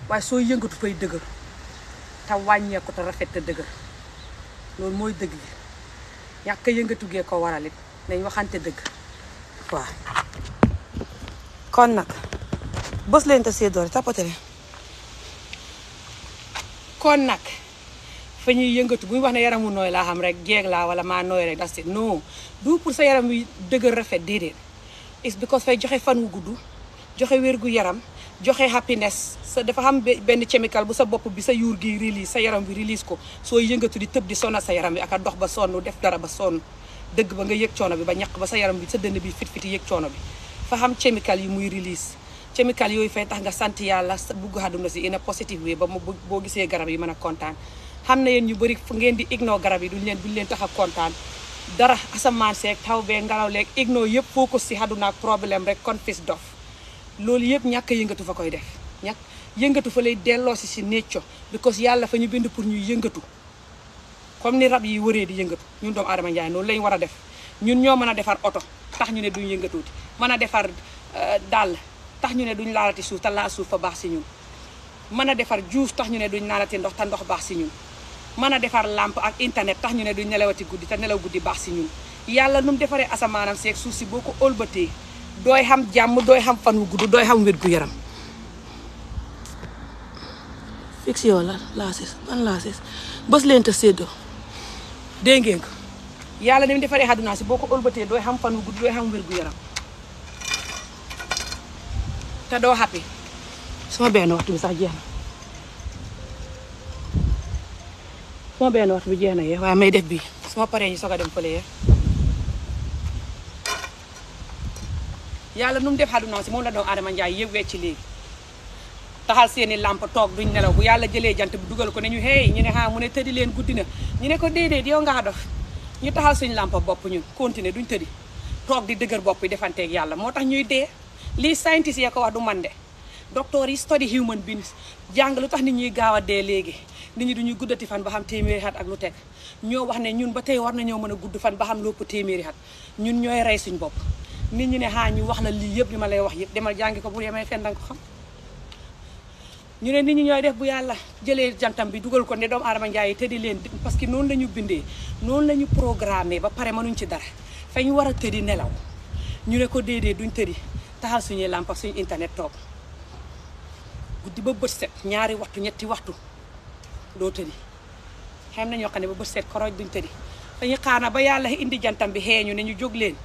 waaye soo yëngatu fay dëgër te wàññeeku te rafet te dëgër loolu mooy dëgg gi ñàkk yëngatu gee ko waral it nañ waxante dëgg waaw kon nag bës leen te séeddoor tapote leen kon nag fa ñuy yëngatu bu ñu wax ne yaramu nooy laa xam rek jeeg laa wala maa nooy rek das it non du pour sa yaram wi dëgër rafet déedéet is because fay joxe fan wu gudd joxe wér gu yaram joxe happiness sa dafa xam benn chemical bu sa bopp bi sa yuur gi release sa yaram wi release ko soo yëngatu di tëb di sonna sa yaram bi ak a dox ba sonn def dara ba sonn dëgg ba nga yëg coono bi ba ñaq ba sa yaram bi sa dënn bi fit fiti yëg coono bi fa xam chemical yi muy release chemical yooyu fay tax nga sant yàlla sa bugg àdduna si in a positive way ba mu boo gisee garab yi mën a kontaan xam na yéen ñu bëri ngeen di ignore garab yi duñ leen duñ leen tax kontaan dara asamaan seeg taw bee ngelaw leeg ignore yëpp focus si àdduna problème rek kon fis loolu yëpp ñàkk yëngatu fa koy def ñàkk yëngatu fa lay delloo si si necco because yàlla fa ñu bind pour ñuy yëngatu comme ni rab yi wëree di yëngatu ñun doomu aadama njaay loolu lañ war a def ñun ñoo mën a defar oto tax ñu ne duñ yëngatuuti mën a defar euh, dàll tax ñu ne duñ laalati suuf te laal suuf fa baax si ñun mën a defar juus tax ñu ne duñ laalati ndox ta ndox baax si ñun mën a defar làmp ak internet tax ñu ne duñ nelawati guddi te nelaw guddi baax si ñun yàlla nu mu defaree asamaanam seeg suuf si boo ko ëlbatee dooy xam jàmm dooy xam fan wu gudd dooy xam wér gu yaram. fix yow la laasis ban laasis bës leen te séddoo ko yàlla ni mu defaree si boo ko ëlbatee dooy xam fan wu gudd dooy xam wér gu yaram te doo xàppi sama benn waxtu bi sax jeex na sama benn waxtu bi jeex na yee waaye may def bii su ma paree ñu soog a dem fële yee yàlla nu mu def xadunaaw si moom la doomu aadama njaay yëpp wecci léegi taxal seeni làmp toog duñ nelaw bu yàlla jëlee jant bi dugal ko ne ñu hey ñu ne ah mu ne tëddi leen guddi na ñu ne ko déedéet yow ngaa dof ñu taxal suñ làmp bopp ñu continuer duñ tëddi toog di dëgër bopp yi defanteeg yàlla moo tax ñuy dee lii scientist ya ko wax du man de docteur yi study human beings jàng lu tax nit ñuy gaaw a dee léegi nit ñi duñuy guddati fan ba xam téeméeri xat ak lu teg ñoo wax ne ñun ba tey war nañoo mën a gudd fan ba xam lu ëpp téeméeri xat ñun ñooy rey suñ bopp nit ñi ne xaa ñu wax la lii yëpp li ma lay wax yëpp demal jàngi ko bu yemee fenn danga ko xam ñu ne nit ñi ñooy def bu yàlla jëlee jantam bi dugal ko ne doomu aadama njaay yi tëddi leen parce que noonu lañu ñu bindee noonu la ñu programmé ba pare mënuñ ci dara fa war a tëddi nelaw ñu ne ko déedéet duñ tëddi taxal suñuy làmpa suñu internet toog guddi ba bët set ñaari waxtu ñetti waxtu doo tëddi xam na ñoo xam ne ba bët set koroj duñ tëddi dañu xaana ba yàlla indi jantam bi xeeñu ne ñu jóg leen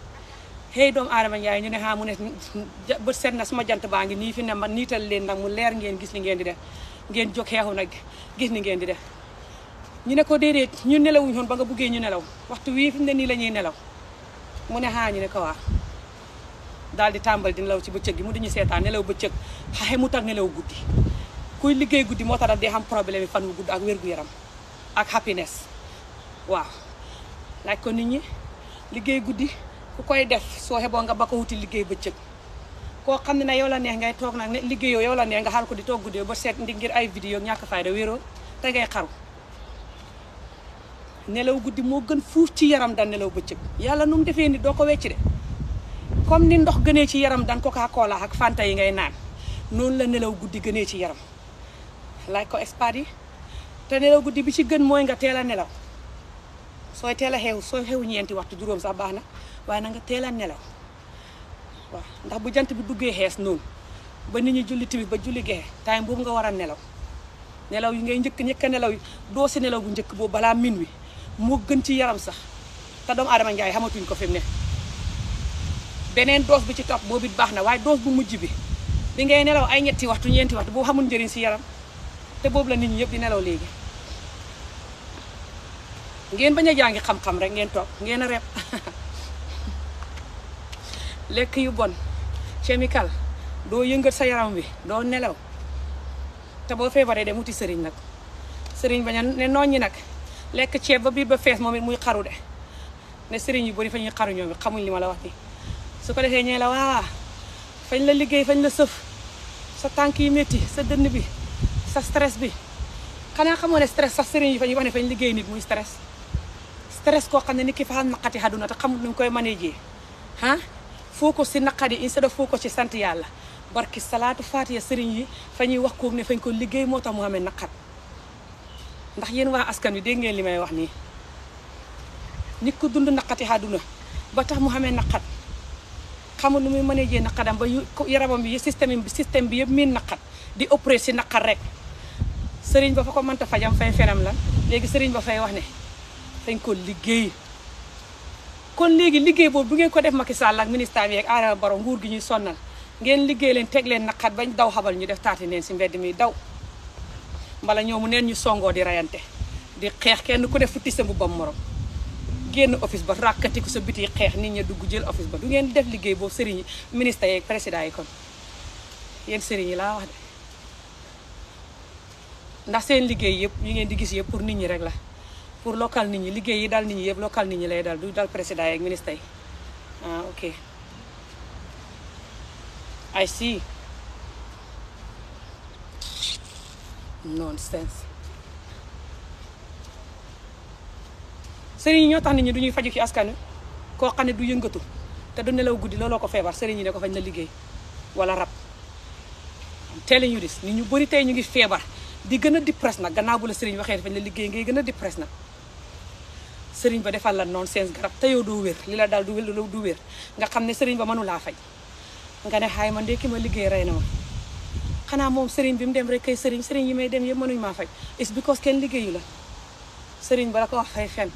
xëy doomu aadama Njaay ñu ne xaa mu ne bët set na suma jant baa ngi nii fi ne ma niital leen nag mu leer ngeen gis ni ngeen di de ngeen jóg xeexu nag gis ni ngeen di def ñu ne ko déedéet ñu nelawuñ woon ba nga buggee ñu nelaw waxtu wii fi mu ne nii la ñuy nelaw mu ne xaa ñu ne ko waa daal di tàmbal di nelaw ci bëccëg gi mu di ñu seetaan nelaw bëccëg xaxe mu tax nelaw guddi kuy liggéey guddi moo tax daf dee xam problème yi fan wu guddi ak wér-gu-yaram ak happiness waaw laaj ko nit ñi liggéey guddi ku koy def soo xeboo nga ba ko wuti liggéey bëccëg koo xam ne ne yow la neex ngay toog nag ne yow la neex nga xaal ko di toog guddee ba seet ndi ngir ay vidéo ñàkk fayda wéeroo te ngay xaru nelaw guddi moo gën fuuf ci yaram dan nelaw bëccëg yàlla nu defee ni doo ko wecc de comme ni ndox gënee ci yaram dan coca cola ak fanta yi ngay naan noonu la nelaw guddi gënee ci yaram laaj ko experts yi te nelaw guddi bi ci gën mooy nga teel a nelaw sooy teel a xew sooy xew ñeenti waxtu juróom sax baax na waaye na nga teel a nelaw waaw ndax bu jant bi duggee xees noonu ba nit ñi julli tamit ba julli gexe time boobu nga war a nelaw nelaw yi ngay njëkk njëkk a nelaw yi doo si nelaw bu njëkk boobu balaa min wi moo gën ci yaram sax te doomu aadama njaay xamatuñ ko fi mu beneen doos bi ci topp boobu baax na waaye doos bu mujj bi bi ngay nelaw ay ñetti waxtu ñeenti waxtu boobu xamul njëriñ si yaram te boobu la nit ñi yëpp nelaw léegi ngeen ba a jàngi xam-xam rek ngeen toog ngeen a rep lekk yu bon chemical doo yëngat sa yaram bi doo nelaw te boo feebaree dem wuti sëriñ nag sëriñ baña ne noon ñi nag lekk ceeb ba biir ba fees moom muy xaru de ne sëriñ yu bari fa ñuy xaru ñoom it xamuñ wax ni su ko defee ñee la waa fañ la liggéey fañ la sëf sa tànk yi métti sa dënn bi sa stress bi xanaa xamoo ne stress sax sëriñ yi fa ñuy wax ne fañ liggéey nit muy stress stress koo xam ne nit ki fa naqati àdduna te xamul nu ñu koy manejee ah foo ko si naqari instead of foo ko ci sant yàlla barki salaatu faatiya sëriñ yi fa ñuy wax koog ne fañ ko liggéey moo tax mu amee naqat ndax yéen waa askan wi dégg ngeen li may wax nii nit ko dund naqat yi àdduna ba tax mu xamee naqat xamul nu muy manejee naqadam ba yaramam bi système bi système bi yëpp miin naqat di opéré si naqat rek sëriñ ba fa ko mënta fajam fay fenam la léegi sëriñ ba fay wax ne dañ ko liggéey kon léegi liggéey boobu bu ngeen ko def Macky Sall ak ministère bi ak Adama Barrow nguur gi ñuy sonnal ngeen liggéey leen teg leen naqat bañ daw xabal ñu def taati neen si mbedd mi daw mbala ñoomu neen ñu songoo di reyante di xeex kenn ku def futti sa mbubbam morom génn office ba ku sa biti xeex nit ñi dugg jël office ba du ngeen def liggéey boo sëriñ yi ministre yeeg président yi kon yéen sëriñ yi laa wax de ndax seen liggéey yëpp ñu ngeen di gis yëpp pour nit ñi rek la pour local nit ñi liggéey yi dal nit ñi yëpp local nit ñi lay dal du dal président yi ak ministre yi ah ok I see nonsense sëriñ yi ñoo tax nit ñi du faju ci askan wi koo xam ne du yëngatu te du nelaw guddi looloo ko feebar seriñ yi ne ko fañ na liggéey wala rab am telling you this nit ñu bëri tey ñu ngi feebar di gën a depress nag gannaaw bu la sëriñ waxee fañ la liggéey ngay gën a depress nag sëriñ ba defal la noonu seen garab te yow doo wér li la daal du wér du wér nga xam ne sëriñ ba mënulaa faj nga ne xaay man de ki ma liggéey rey na xanaa moom sëriñ bi mu dem rek kay sëriñ sëriñ yi may dem yëpp mënuñu maa faj is because kenn liggéeyu la sëriñ ba la ko wax fay fen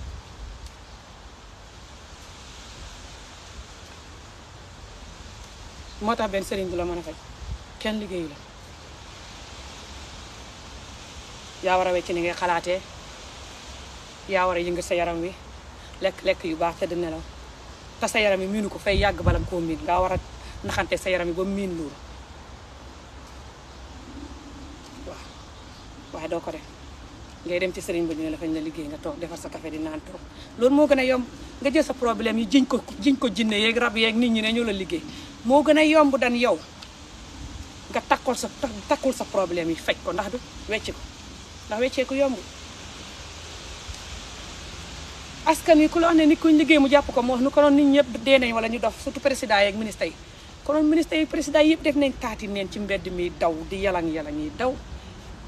moo benn sëriñ bu la mën a kenn liggéeyu la yaa war a wecc ni ngay xalaatee yaa war a yëngal sa yaram wi lekk lekk yu baax te di nelaw te sa yaram wi miinu ko fay yàgg bala koo miin ngaa war a naxante sa yaram wi ba miin loolu waaw waaye doo ko def ngay dem ci sëriñ ba ñu la fañ la liggéey nga toog defar sa café di naan toog loolu moo gën a yomb nga jël sa problème yi jiñ ko jiñ ko jinne yeeg rab yeeg nit ñi ne ñoo la liggéey moo gën a yomb dan yow nga takkul sa takkul sa problème yi faj ko ndax du wecc ko ndax weccee ko yomb askan wi ku la wax ne nit kuñ liggéey mu jàpp ko moo wax nu ko noon nit ñëpp dee nañ wala ñu dof surtout président yeeg ministre yi konoon ministre yi président yëpp def nañ taati neen ci mbedd mi daw di yi daw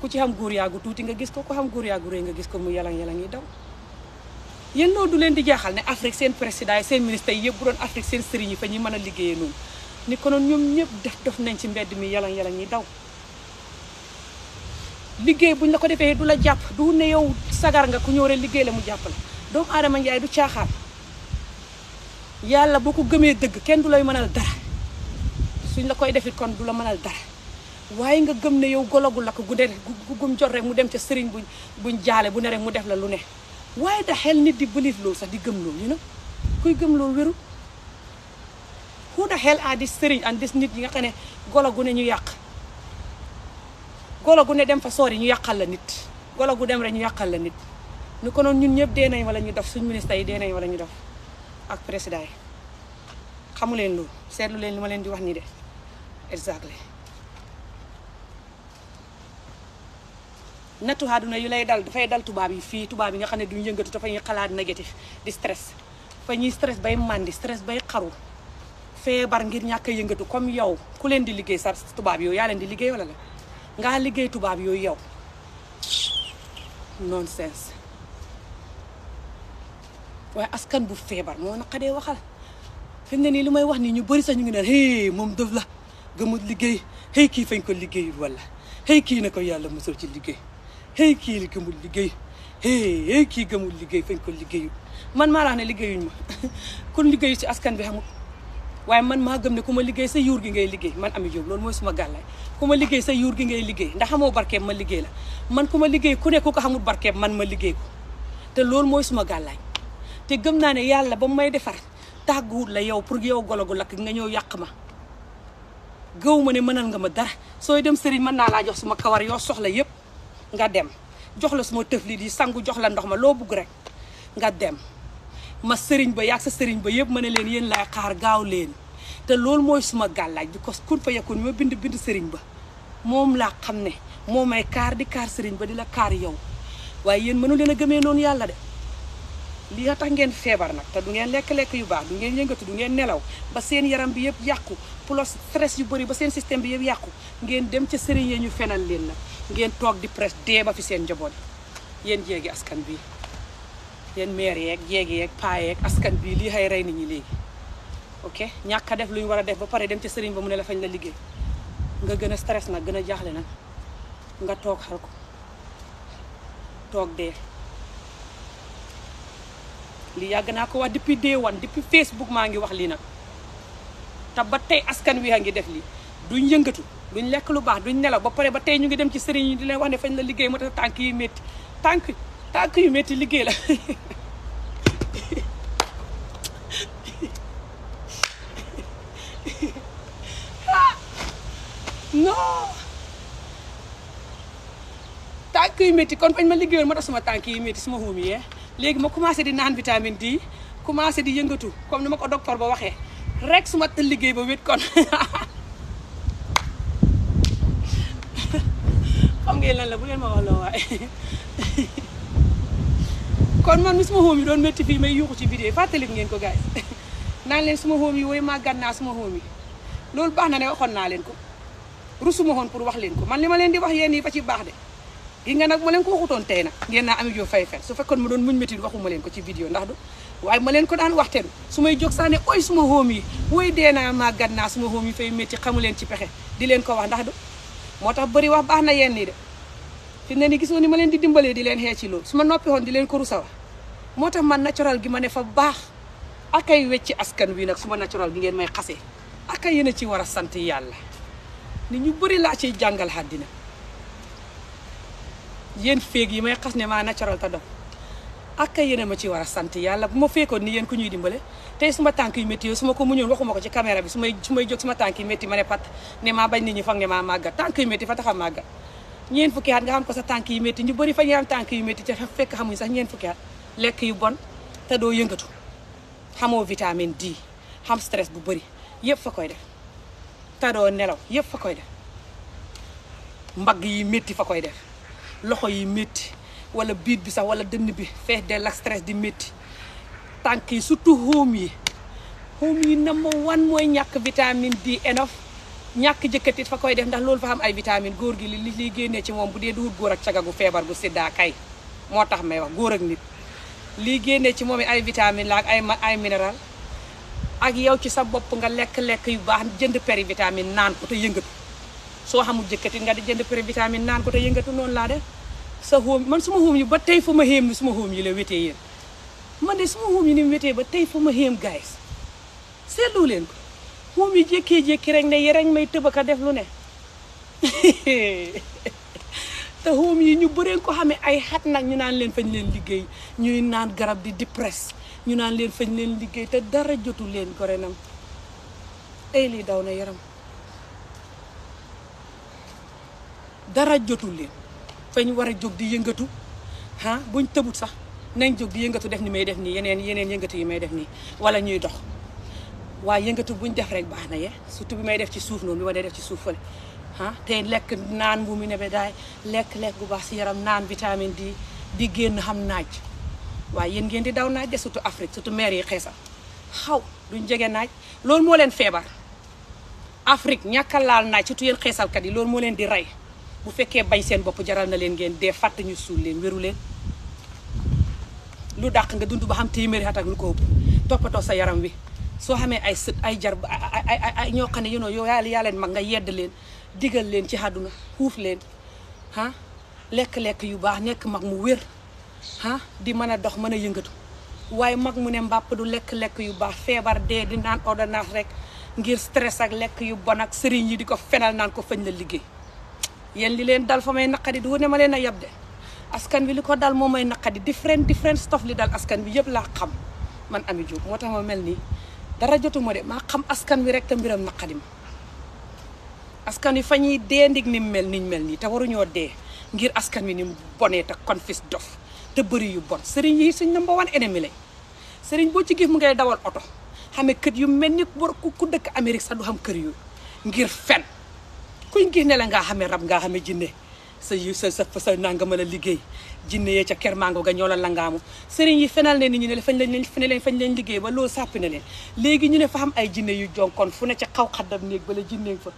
ku ci xam góor yaagu tuuti nga gis ko ku xam góor yaagu rëy nga gis ko mu yalang-yalang yi daw yéen loolu du leen di jaaxal ne Afrique seen président yi seen ministre yi yëpp bu doon Afrique seen mën a liggéeyee konoon ñoom ñëpp def nañ ci mbedd mi yalang-yalang yi daw liggéey buñ la ko defee du la jàpp du ne yow sagar nga ku ñëw rek liggéey la mu jàpp la doomu aadama njaay du caaxaan yàlla boo ko gëmee dëgg kenn du lay mënal dara suñ la koy defit kon du la mënal dara waaye nga gëm ne yow gologul la ko gu ne gum rek mu dem ca sëriñ buñ buñ jaale bu ne mu def la lu ne waaye da xel nit di believe loolu sax di gëm loolu you kuy gëm loolu wéru who the hell are sëriñ and these nit yi nga xam ne golo gu ne ñu yàq golo gu ne dem fa soori ñu yàqal la nit golo gu dem rek ñu yàqal la nit nu ko noonu ñun ñëpp dee nañ wala ñu dof suñ ministres yi dee nañ wala ñu dof ak président yi xamu leen loolu seetlu leen li ma leen di wax nii de exactly nattu àdduna yu lay dal dafay dal tubaab yi fii tubaab yi nga xam ne duñ yëngatu dafay xalaat négatif di stress fa ñuy stress bay màndi stress bay xaru feebar ngir ñàkk a yëngatu comme yow ku leen di liggéey sa tubaab yooyu yaa leen di liggéey wala la ngaa liggéey tubaab yooyu yow nonsense waaye askan bu feebar moo naqadee waxal fi mu ne nii lu may wax nii ñu bëri sax ñu ngi naan hey moom dëf la gëmut liggéey hey kii fañ ko liggéeyul wala hey kii na ko yàlla mosul ci liggéey hey kii li gëmul liggéey hey kii gëmul liggéey fañ ko liggéeyul man maa laa ne liggéeyuñ ma kon liggéeyu ci askan bi xamul waaye man maa gëm ne ku ma liggéey sa yuur gi ngay liggéey man Ami Diop loolu mooy suma gàllaay ku ma liggéey sa yuur gi ngay liggéey ndax xamoo barkeeb ma liggéey la man ku ma liggéey ku ne ku ko xamul barkeeb man ma liggéey ko te loolu mooy suma gàllaay te gëm naa ne yàlla ba may defar tàgguwut la yow pour yow golo gu lakk nga ñëw yàq ma gëw ma ne mënal nga ma dara sooy dem sëriñ man naa laa jox suma kawar yoo soxla yëpp nga dem jox la suma tëflit yi sangu jox la ndox ma loo bugg rek nga dem ma sëriñ ba yàgg sa sëriñ ba yëpp ma ne leen yéen laay xaar gaaw leen te loolu mooy suma gàllaaj bi ko que kun fa yakun ma bind bind sëriñ ba moom laa xam ne moo may kaar di kaar sëriñ ba di la kaar yow waaye lii nga tax ngeen feebar nag te du ngeen lekk-lekk yu baax du ngeen yëngatu du ngeen nelaw ba seen yaram bi yëpp yàqu plus stress yu bëri ba seen système bi yëpp yàqu ngeen dem ca sëriñ yi ñu fenal leen nag ngeen toog di presse dee ba fi seen njaboot yéen jéegi askan bi yéen maire yeeg jéegi yeeg paa yeeg askan bi lii rey nit ñi léegi ok ñàkk a def lu war a def ba pare dem ca sëriñ ba mu ne la fañ la liggéey nga gën a stress nag gën a jaaxle nag nga toog xal ko toog dee li yàgg naa ko wax depuis day one depuis Facebook maa ngi wax lii nag te ba tey askan wi a ngi def li duñ yëngatu duñ lekk lu baax duñ nelaw ba pare ba tey ñu ngi dem ci sëriñ yi di lay wax ne fañ la liggéey moo tax tànk yu métti tànk tànk yu métti liggéey la yu métti kon fañ ma liggéeyoon moo tax suma tànk yu métti suma huum yee léegi ma commencé di naan vitamine D commencé di yëngatu comme ni ma ko docteur ba waxee rek suma ma liggéey ba wét kon xam ngeen lan la bu leen ma wax loo waaye kon man mi suma xóom yi doon métti fii may yuuxu ci vidéo fàttali ngeen ko gars naan leen suma xóom yi woy maa naa suma xóom yi loolu baax na ne waxoon naa leen ko rusuma woon pour wax leen ko man li ma leen di wax yéen yi fa ci baax de yi nga nag ma leen ko waxutoon tey nag ngeen naa Ami Jóob fay fen su fekkoon ma doon muñ métit waxuma leen ko ci vidéo ndax du waaye ma leen ko daan waxteen su may jóg sax ne oy suma xóom yi woy dee naa maa gàd naa suma xóom yi fay métti xamu leen ci pexe di leen ko wax ndax du moo tax bari wax baax na yenn yi de fi ne ni gisoo ni ma leen di dimbalee di leen xee ci loolu su noppi woon di leen ko rusa wax moo tax man naturel gi ma ne fa baax akay wecci askan wi nag su ma naturel gi ngeen may xasee akay yéen a ci war a sant yàlla ni ñu bëri laa ciy jàngal àddina yéen féeg yi may xas ne maa naturel te dof ak yeneen a ma ci war a sant yàlla bu ma féekoon ni yéen ku ñuy dimbale tey suma tànk yu métti yooyu su ma ko muñoon waxuma ko ci caméra bi suma tànk yu métti ma ne pat ne maa bañ nit ñi foog ne maa màggat tànk yu métti fa tax a màggat ñeen fukki at nga xam ko sa tànk yu métti ñu bëri fa ñu am tànk yu métti ca fekk xamuñ sax ñeen fukki at lekk yu bon te doo yëngatu xamoo vitamine D xam stress bu bëri yëpp fa koy def te doo nelaw yëpp fa koy def mbagg yi métti fa koy def loxo yi métti wala biit bi sax wala dënn bi fees del ak stress di métti tànk yi surtout home yi home yi number one mooy ñàkk vitamine D enough ñàkk jëkkatit fa koy def ndax loolu fa ay vitamine góor gi li liy génnee ci moom bu dee duhut góor ak caga gu feebar gu siddaa kay moo tax may wax góor ak nit lii génne ci moom ay vitamine la ay ay minéral ak yow ci sa bopp nga lekk-lekk yu baax jënd péri vitamine naan ko te yëngatu soo xamul jëkkati nga di jënd prévitamine naan ko te yëngatu noonu laa def sa xóom man suma xóom yi ba tey fu ma xéem ni suma xóom yi la wétee yéen man de suma xóom yi ni mu wétee ba tey fu ma xéem guys seetlu leen ko xóom yi jékkee-jékki rek ne yereñ may tëbaka def lu ne te xóom yi ñu bëreen ko xamee ay xat nag ñu naan leen fañ leen liggéey ñuy naan garab di dépresse ñu naan leen fañ leen liggéey te dara jotu leen gore nam lii daw na yaram dara jotul leen fa ñu war a jóg di yëngatu ah buñ tëbut sax nañ jóg di yëngatu def ni may def nii yeneen yeneen yëngatu yi may def nii wala ñuy dox waaye yëngatu buñ def rek baax na ye surtout bi may def ci suuf noonu bi ma dee def ci suuf fële ah tey lekk naan mbu mu nebe daay lekk-lekk bu baax si yaram naan vitamine di di génn xam naaj waaye yéen ngeen di daw naaj de sutu Afrique surtout maire yi xeesal xaw duñ jege naaj loolu moo leen feebar Afrique ñàkk a laal naaj surtout yéen xeesalkat yi loolu moo leen di rey bu fekkee bay seen bopp jaral na leen ngeen dee fàtt ñu suul leen wéru leen lu dàq nga dund ba xam téeméeri at ak lu ko ëpp toppatoo sa yaram wi soo xamee ay sët ay jar ay ay ñoo xam ne you know yow leen mag nga yedd leen digal leen ci àdduna xuuf leen lekk-lekk yu baax nekk mag mu wér ah di mën a dox mën a yëngatu waaye mag mu ne mbàpp du lekk-lekk yu baax feebar dee di naan ordonnance rek ngir stress ak lekk yu bon ak sëriñ yi di ko fenal naan ko fañ la liggéey yéen li leen dal fa may naqadi du ne ma leen a yab de askan wi li ko dal moo may naqadi different different stuff li dal askan wi yëpp laa xam man Ami Jobe moo tax ma mel nii dara jotuma de maa xam askan wi rek te mbiram naqadi ma askan wi fa ñuy dee ndig ni mu mel niñ mel nii te waruñoo dee ngir askan wi ni mu bonee te confis dof te bëri yu bon sëriñ yi suñ number one ennemi lañ sëriñ boo ci gis mu ngay dawal oto xame kët yu mel ni ku dëkk Amérique sax du kër yu ngir fen kuñ gis ne la ngaa xamee rab ngaa xamee jinne sa yu sa sa sa nangama la liggéey jinne yee ca ker mango ga ñoo la langaamu sëriñ yi fenal ne nit ñu ne fañ lañ fene ñu fa ay jinne yu jonkoon fu ne ca xaw xaddam néeg ba la jinne fa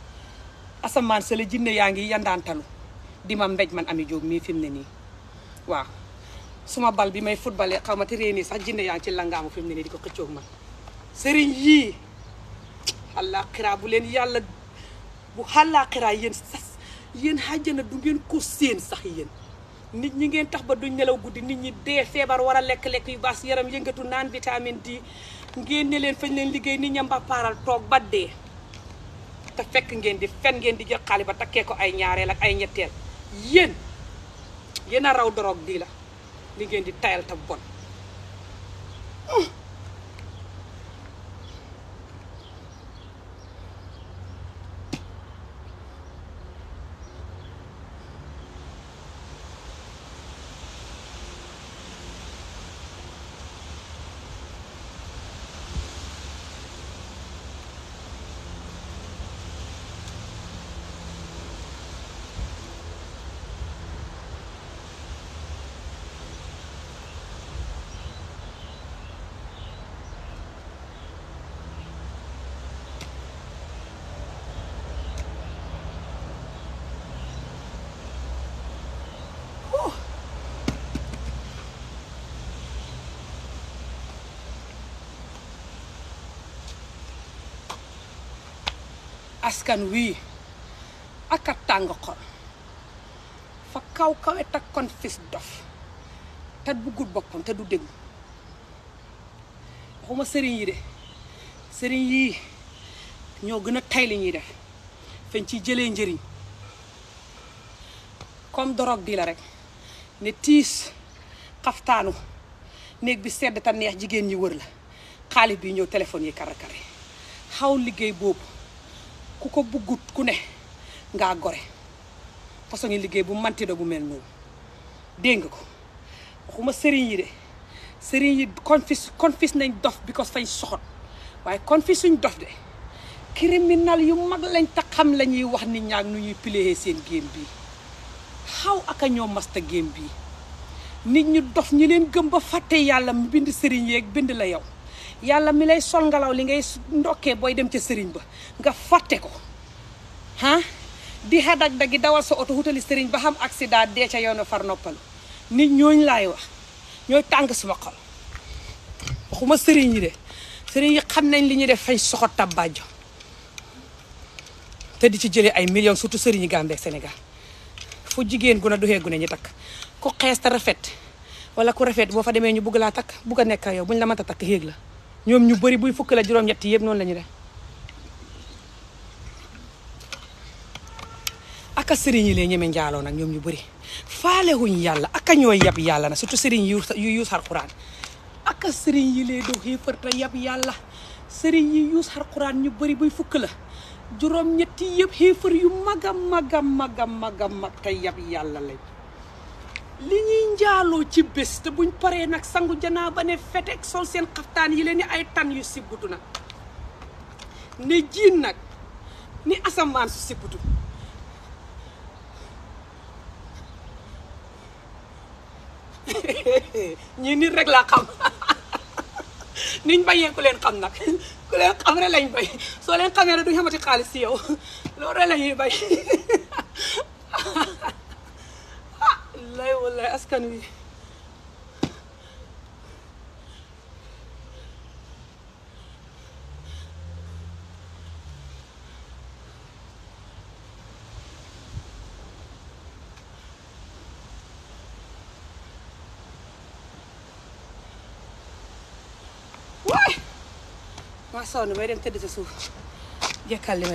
asamaan sa la jinne yaa ngi yandaantalu di ma mbéj man ami jóg mii fi mu ne nii waaw suma bal bi may footballé xaw ma te ree sax jinne yaa ngi ci langaamu fi mu ne nii di ko xëccoog man sëriñ yii allah xiraa bu leen yàlla bu xàllaaxiraay yéen sas yéen xàjjana du ngeen ko séen sax yéen nit ñi ngeen tax ba du nelaw guddi nit ñi dee feebar war a lekk-lekk yu baas yaram yëngatu naan vitamine D ngeen ne leen fañ leen liggéey nit ñam ba paaral toog ba dee te fekk ngeen di fen ngeen di jël xaalis ba takkee ko ay ñaareel ak ay ñetteel yéen yéen a raw doroog dii la li ngeen di tayal te bon askan wi ak a tàng xol fa kaw kawe takkoon fis dof te buggul boppam te du déglu waxuma sëriñ yi de sëriñ yi ñoo gën a tay li ñuy def feñ ci jëlee njëriñ comme dorog di la rek ne tiis xaftaanu néeg bi sedd te neex jigéen ñi wër la xaalis bi ñëw téléphone yi karakari xaw liggéey boobu ku ko buggut ku ne ngaa gore façon ngi liggéey bu manti da bu mel noonu dégg nga ko waxuma sëriñ yi de sëriñ yi confis confis nañ dof because fañ soxot waaye confis suñ dof de criminal yu mag lañ tax xam lañuy wax nit ñaag nu ñuy piléexee seen géem bi xaw aka ñoo masta géem bi nit ñu dof ñu leen gëm ba fàtte yàlla bind sëriñ yeeg bind la yow yàlla mi lay sol ngelaw li ngay ndokkee booy dem ca sëriñ ba nga fàtte ko ah di xadag dagi dawal sa oto wutali sëriñ ba xam accident dee ca yoonu far noppalu nit ñooñu laay wax ñooy tàng suma xol waxuma sëriñ yi de sëriñ yi xam nañ li ñuy def fay soxo tabbaajo te di ci jële ay millions surtout sëriñ yi Gambie Sénégal fu jigéen gu ne du xeegu ne ñu takk ku xees te rafet wala ku rafet boo fa demee ñu bugg laa takk bugg a nekk yow buñ la mënta takk xéeg la ñoom ñu bëri buy fukk la juróom-ñett yëpp noonu la ñu aka sëriñ yi lee ñeme njaaloo nag ñoom ñu bëri faalewuñ yàlla aka ñooy yab yàlla na surtout sëriñ yu yu yuus alxuraan aka sëriñ yi lee doo xiifarta yab yàlla sëriñ yi yuus alxuraan ñu bëri buy fukk la juróom-ñetti yëpp xiifar yu mag a mag a mag a te yab yàlla lañ li ñuy njaaloo ci bés te buñ paree nag sangu janaa ba ne fetek sol seen xaftaan yi leen ni ay tan yu sibbutu nag ne jiin nag ni asamaan su sibbutu ñii nit rek laa xam niñ bayee ku leen xam nag ku leen xam rek lañ bay soo leen xamee rek duñ xamati xaalis si yow loolu rek la ñuy bay billaay wallaay askan wi waay maa sonn may dem tëdd sa suuf jekkal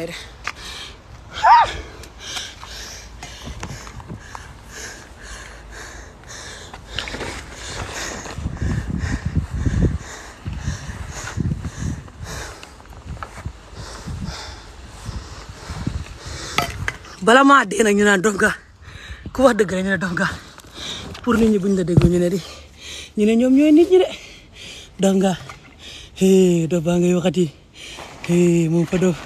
bala maa dee nag ñu naan ku wax dëgg rek ñu ne dof nga pour buñ la déglu ñu ne di ñu ne ñoom ñooy nit ñi de dof nga hee dof baa ngay waxati hee moom fa dof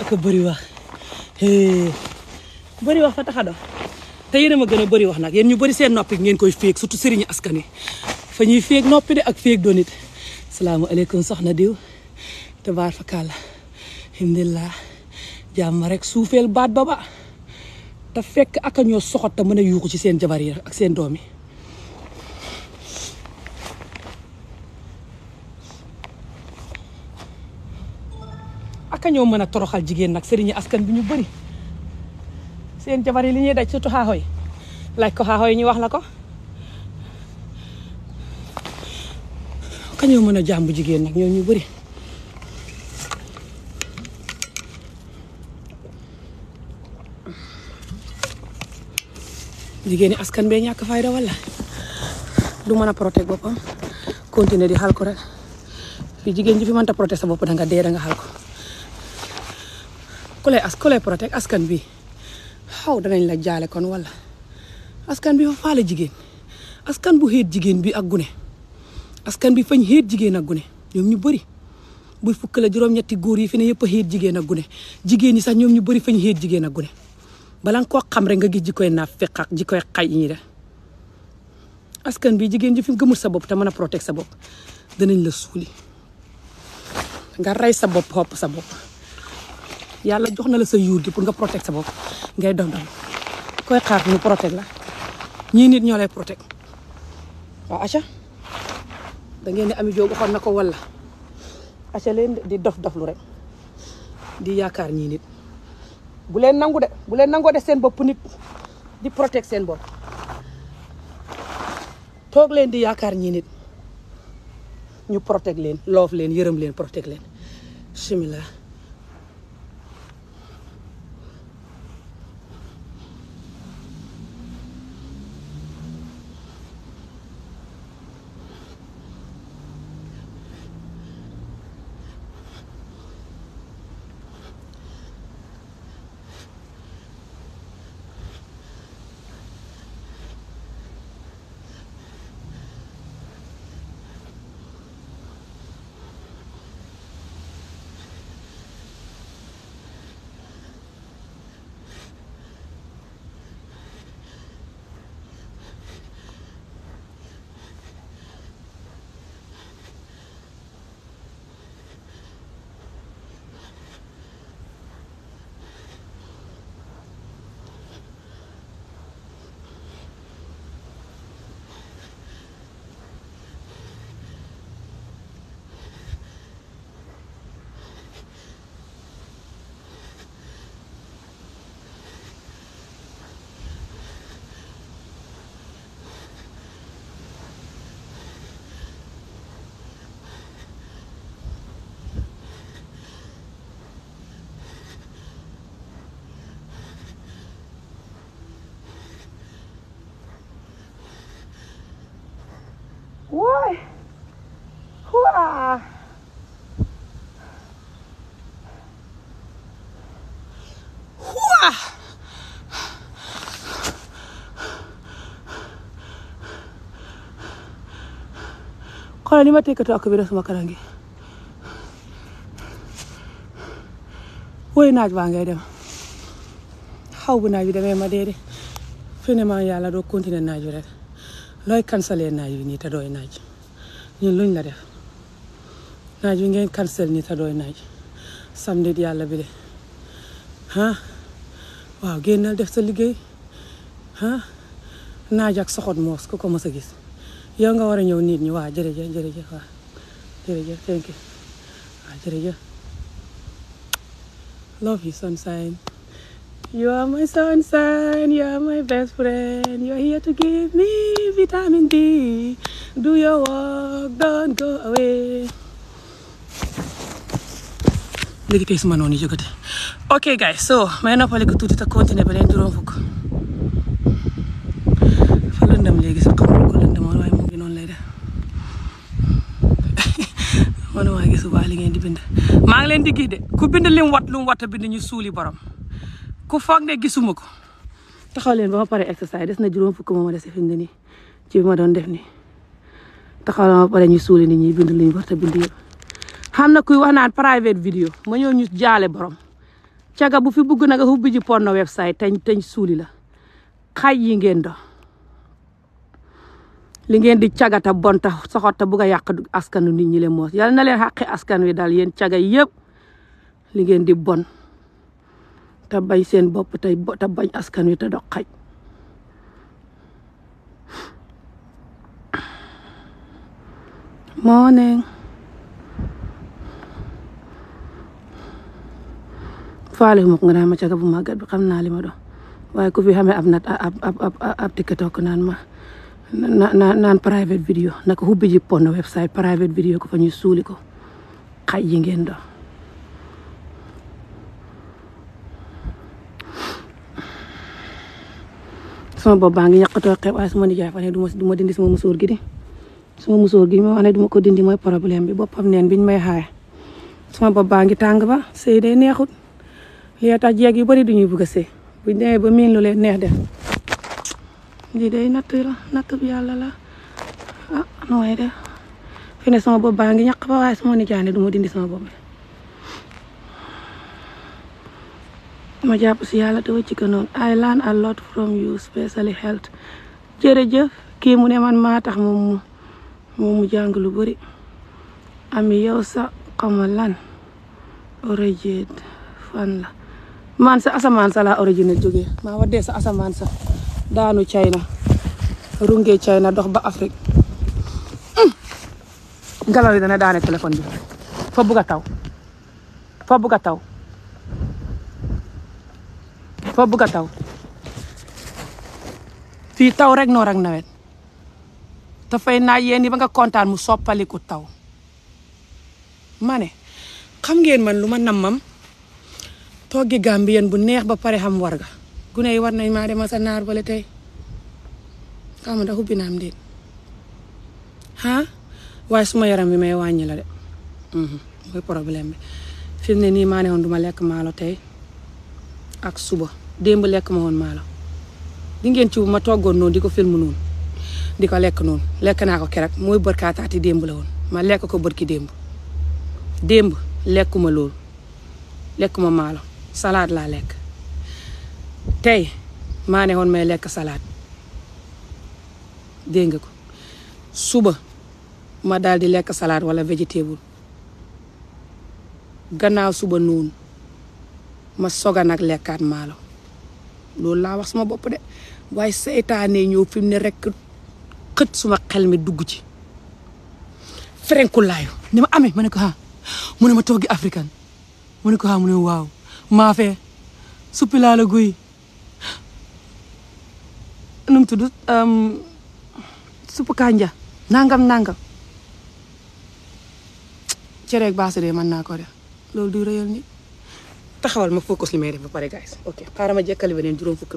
ak bëri wax hee bëri wax fa tax a dof te yéen a ma gën a bëri wax nag yéen ñu bëri seen noppi ngeen koy féeg surtout sëriñu askan wi fa ñuy féeg noppi de ak féeg doon it salaamaaleykum soxna diw tabaar fa kàlla alhamdulilah jàmm rek suufeel baat ba ba te fekk ak ñoo soxot te mën a yuuxu ci seen jabar yi ak seen doomi yi ñoo mën a toroxal jigéen nag sëriñi askan bi ñu bëri seen jabar yi li ñuy daj surtout xaaxooy laaj ko xaaxooy ñu wax la ko ak ñoo mën a jàmbu jigéen nag ñoo ñu bëri jigéeni askan bee ñàkk fayda wala du mën a protéger boppam continuer di xal ko rek fi jigéen ji fi mënta protéger sa bopp danga nga dee da nga xal ko ku lay as askan bi xaw danañ la jaale kon wala askan bi fa faale jigéen askan bu xeet jigéen bi ak gune askan bi fañ xeet jigéen ak gune ñoom ñu bëri buy fukk la juróom góor yi fi ne yëpp a jigéen ak gune jigéen ñi sax ñoom ñu bëri fañ xeet jigéen a gune bala nga ko xam rek nga gis jikoy naaf fekk ak jikoy xay ñi de askan bi jigéen ji fi gëmul sa bopp te mën a protège sa bopp danañ la suuli nga rey sa bopp xopp sa bopp yàlla jox na la sa yuur gi pour nga protège sa bopp ngay dondal koy xaar mu protège la ñii nit ñoo lay protège waaw aca da ngeen di ami joogu xoon na ko walla aca leen di dof doflu rek di yaakaar ñii bu leen nangu de bu leen nangoo def seen bopp nit di protéger seen bopp toog leen di yaakaar ñii nit ñu protéger leen loof leen yërëm leen protéger leen xoolal ma tekkatoo bi rek sama kanam gi woy naaj waa ngay dem xaw bu naaj bi demee ma dee de fi yàlla doo continuer naaj wi rek looy cancelé naaj wi nii te dooy naaj ñun luñ la def naaj bi ngeen cancel nii te dooy naaj samedi yàlla bi de ah waaw génnal def sa liggéey ah naaj ak soxot moos ku ko mës a gis. yow nga war a ñëw nit ñi waa jërëjëf jërëjëf waaw jërëjëf thank you waaw jërëjëf love you sunshine you are my sunshine you are my best friend you are here to give me vitamin D do your work don't go away léegi tey suma noonu jógate ok guys so may noppaliku tuuti te continuer beneen bind de ku bind lim wat lu mu wat ñu suuli borom ku foog ne gisuma ko. taxaw leen ba ma pare exercice des na juróom fukk moo ma dese fi ni nii ci ma doon def nii taxaw la ma pare ñu suuli nit ñi bind li ñu war a bind na kuy wax naan private vidéo ma ñëw ñu jaale borom caga bu fi bugg na nga ubbi ji website teñ teñ suuli la xay yi ngeen do li ngeen di cagata bonta soxota bugg a yàq askanu nit ñi le moos yal na leen xaqi askan wi daal yéen caga yëpp. li ngeen di bon te bañ seen bopp tey bañ askan wi ta dox xaj morning faale wu ma ko nga naan ma caga bu màggat bi xam naa li ma doon waaye ku fi xamee ab nat ab ab ab tiktok naan ma naan naan private video naka hubbi ji ponn website private video ko fa ñu suuli ko xaj yi ngeen doon sama bopp baa ngi yàqatoo xew waaye sama nijaay fa ne du ma dindi sama musóor gi di sama musóor gi ma wax ne du ma ko dindi mooy problème bi boppam neen biñ may xaay sama bopp baa ngi tàng ba sëy day neexut liy tax jeeg yu bari du ñuy bëgg a sëy ba miin lu leen neex def lii day natt la natt bi yàlla la a ah, nooy def fi ne sama bopp baa ngi ñàq ba waaye sama nijaay ne du ma dindi sama bopp ma jàpp si yàlla te wëcc ko noonu I learn a lot from you especially health jërëjëf kii mu ne man maa tax moom mu mu jàng lu bëri ami yow sa xama lan origine fan la man sa asamaan sa laa origine jógee maa waddee sa asamaan sa daanu China runge China dox ba Afrique ngelaw hmm. yi dana daane téléphone bi fa bugg taw fa bugg taw foo bëgg a taw fii taw rek noor ak nawet dafay naaj yéen yi ba nga kontaan mu soppaliku taw ma ne xam ngeen man lu ma nammam toggi gambien bu neex ba pare xam warga gune yi war nañ maa demal sa naar bale tey xaw ma ndax ubbi naa am déet ah waaye suma yaram bi may wàññi la de mhm, problème bi fi mu ne nii maa ne woon du lekk maalo tey ak suba démb lekk ma woon maalo di ngeen ci bu ma toggoon noonu di ko film noonu di ko lekk noonu lekk naa ko keroog mooy bërkaataati démb la woon ma lekk ko bërki démb démb lekkuma loolu lekkuma maalo salade laa lekk tey maa ne woon may lekk salade dégg nga ko suba ma daal di lekk salade wala végétable gannaaw suba noonu ma soog a nag lekkaat maalo loolu laa wax sama bopp de waaye seytaane ñëw fi mu rek xët suma xel mi dugg ci ferenku laayu ni ma amee ma ne ko ah ma toogi africain mu ne ko ah mu ne waaw maafe laa la guy nu mu tudd suppu kanja nangam nangam cereeg baasa de mën naa ko de loolu du taxawal ma focus li may def ba pare guys ok xaaral ma jekkali beneen juróom fukk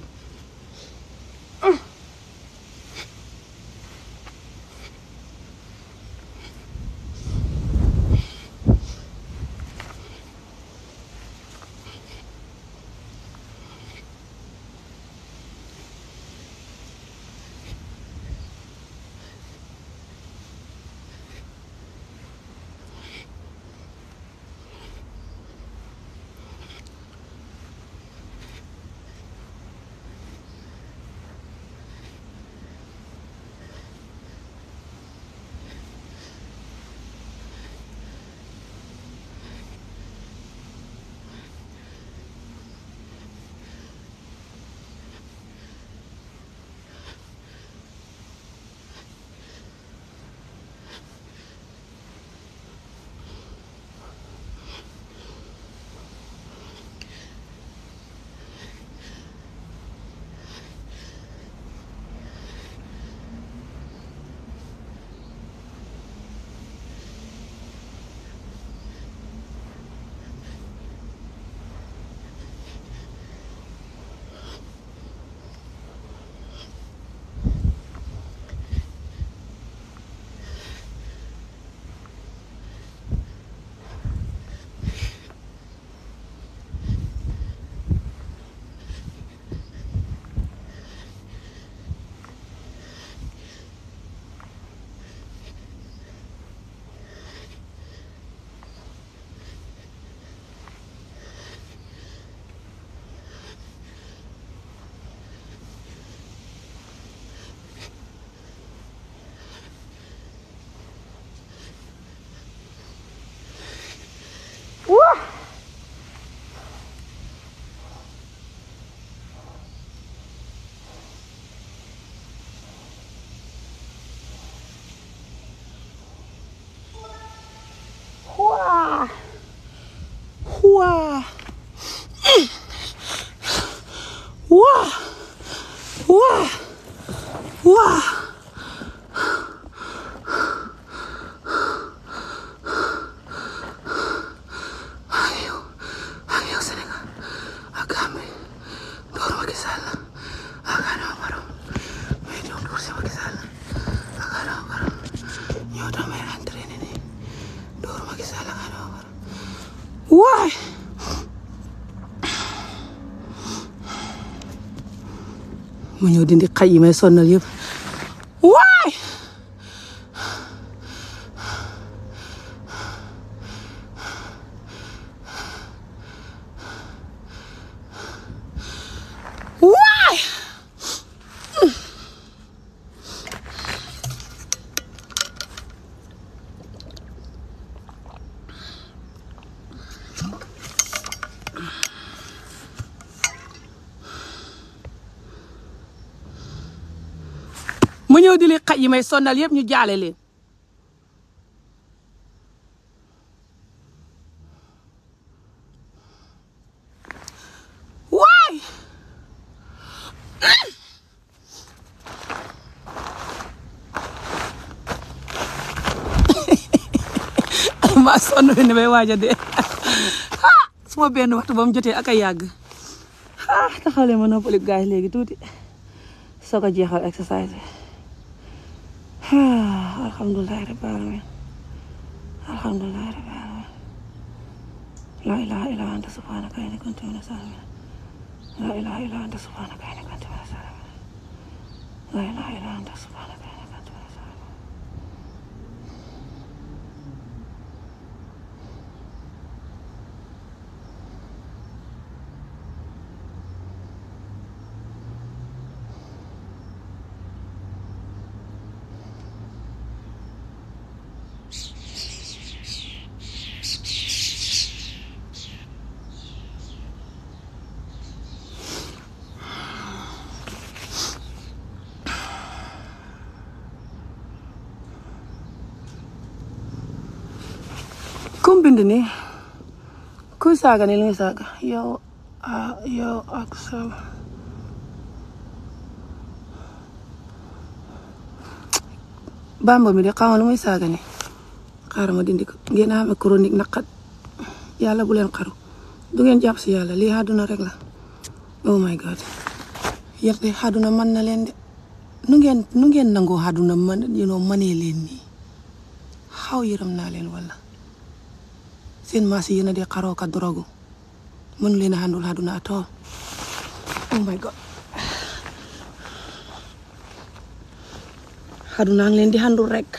Wow. Wow. Wow. Wow. ma ñëw dindi xaj yi may sonnal yëpp yi may sonnal yëpp ñu jaale leen waay maa sonn fi ne may waaj a dee benn waxtu ba mu jotee ak a yàgg ah taxalee ma noppali gaay léegi tuuti soo ko jeexal exercice alhamdulilah rabbil alamin bind ni kuy saaga ni li saaga yow a yow mi de xaw a lu muy saaga ni xaaral ma dindi ko ngeen amee chronique naqat yàlla bu leen xaru du ngeen jàpp si yàlla lii àdduna rek la oh my god yéen de àdduna mën na leen de nu ngeen ngeen nangoo àdduna mën you know mënee leen nii xaw yërëm naa leen wala seen maas yi yéen a di xaroo ka drogue mënu leen a handul àdduna at oh my god àdduna leen di handul rek.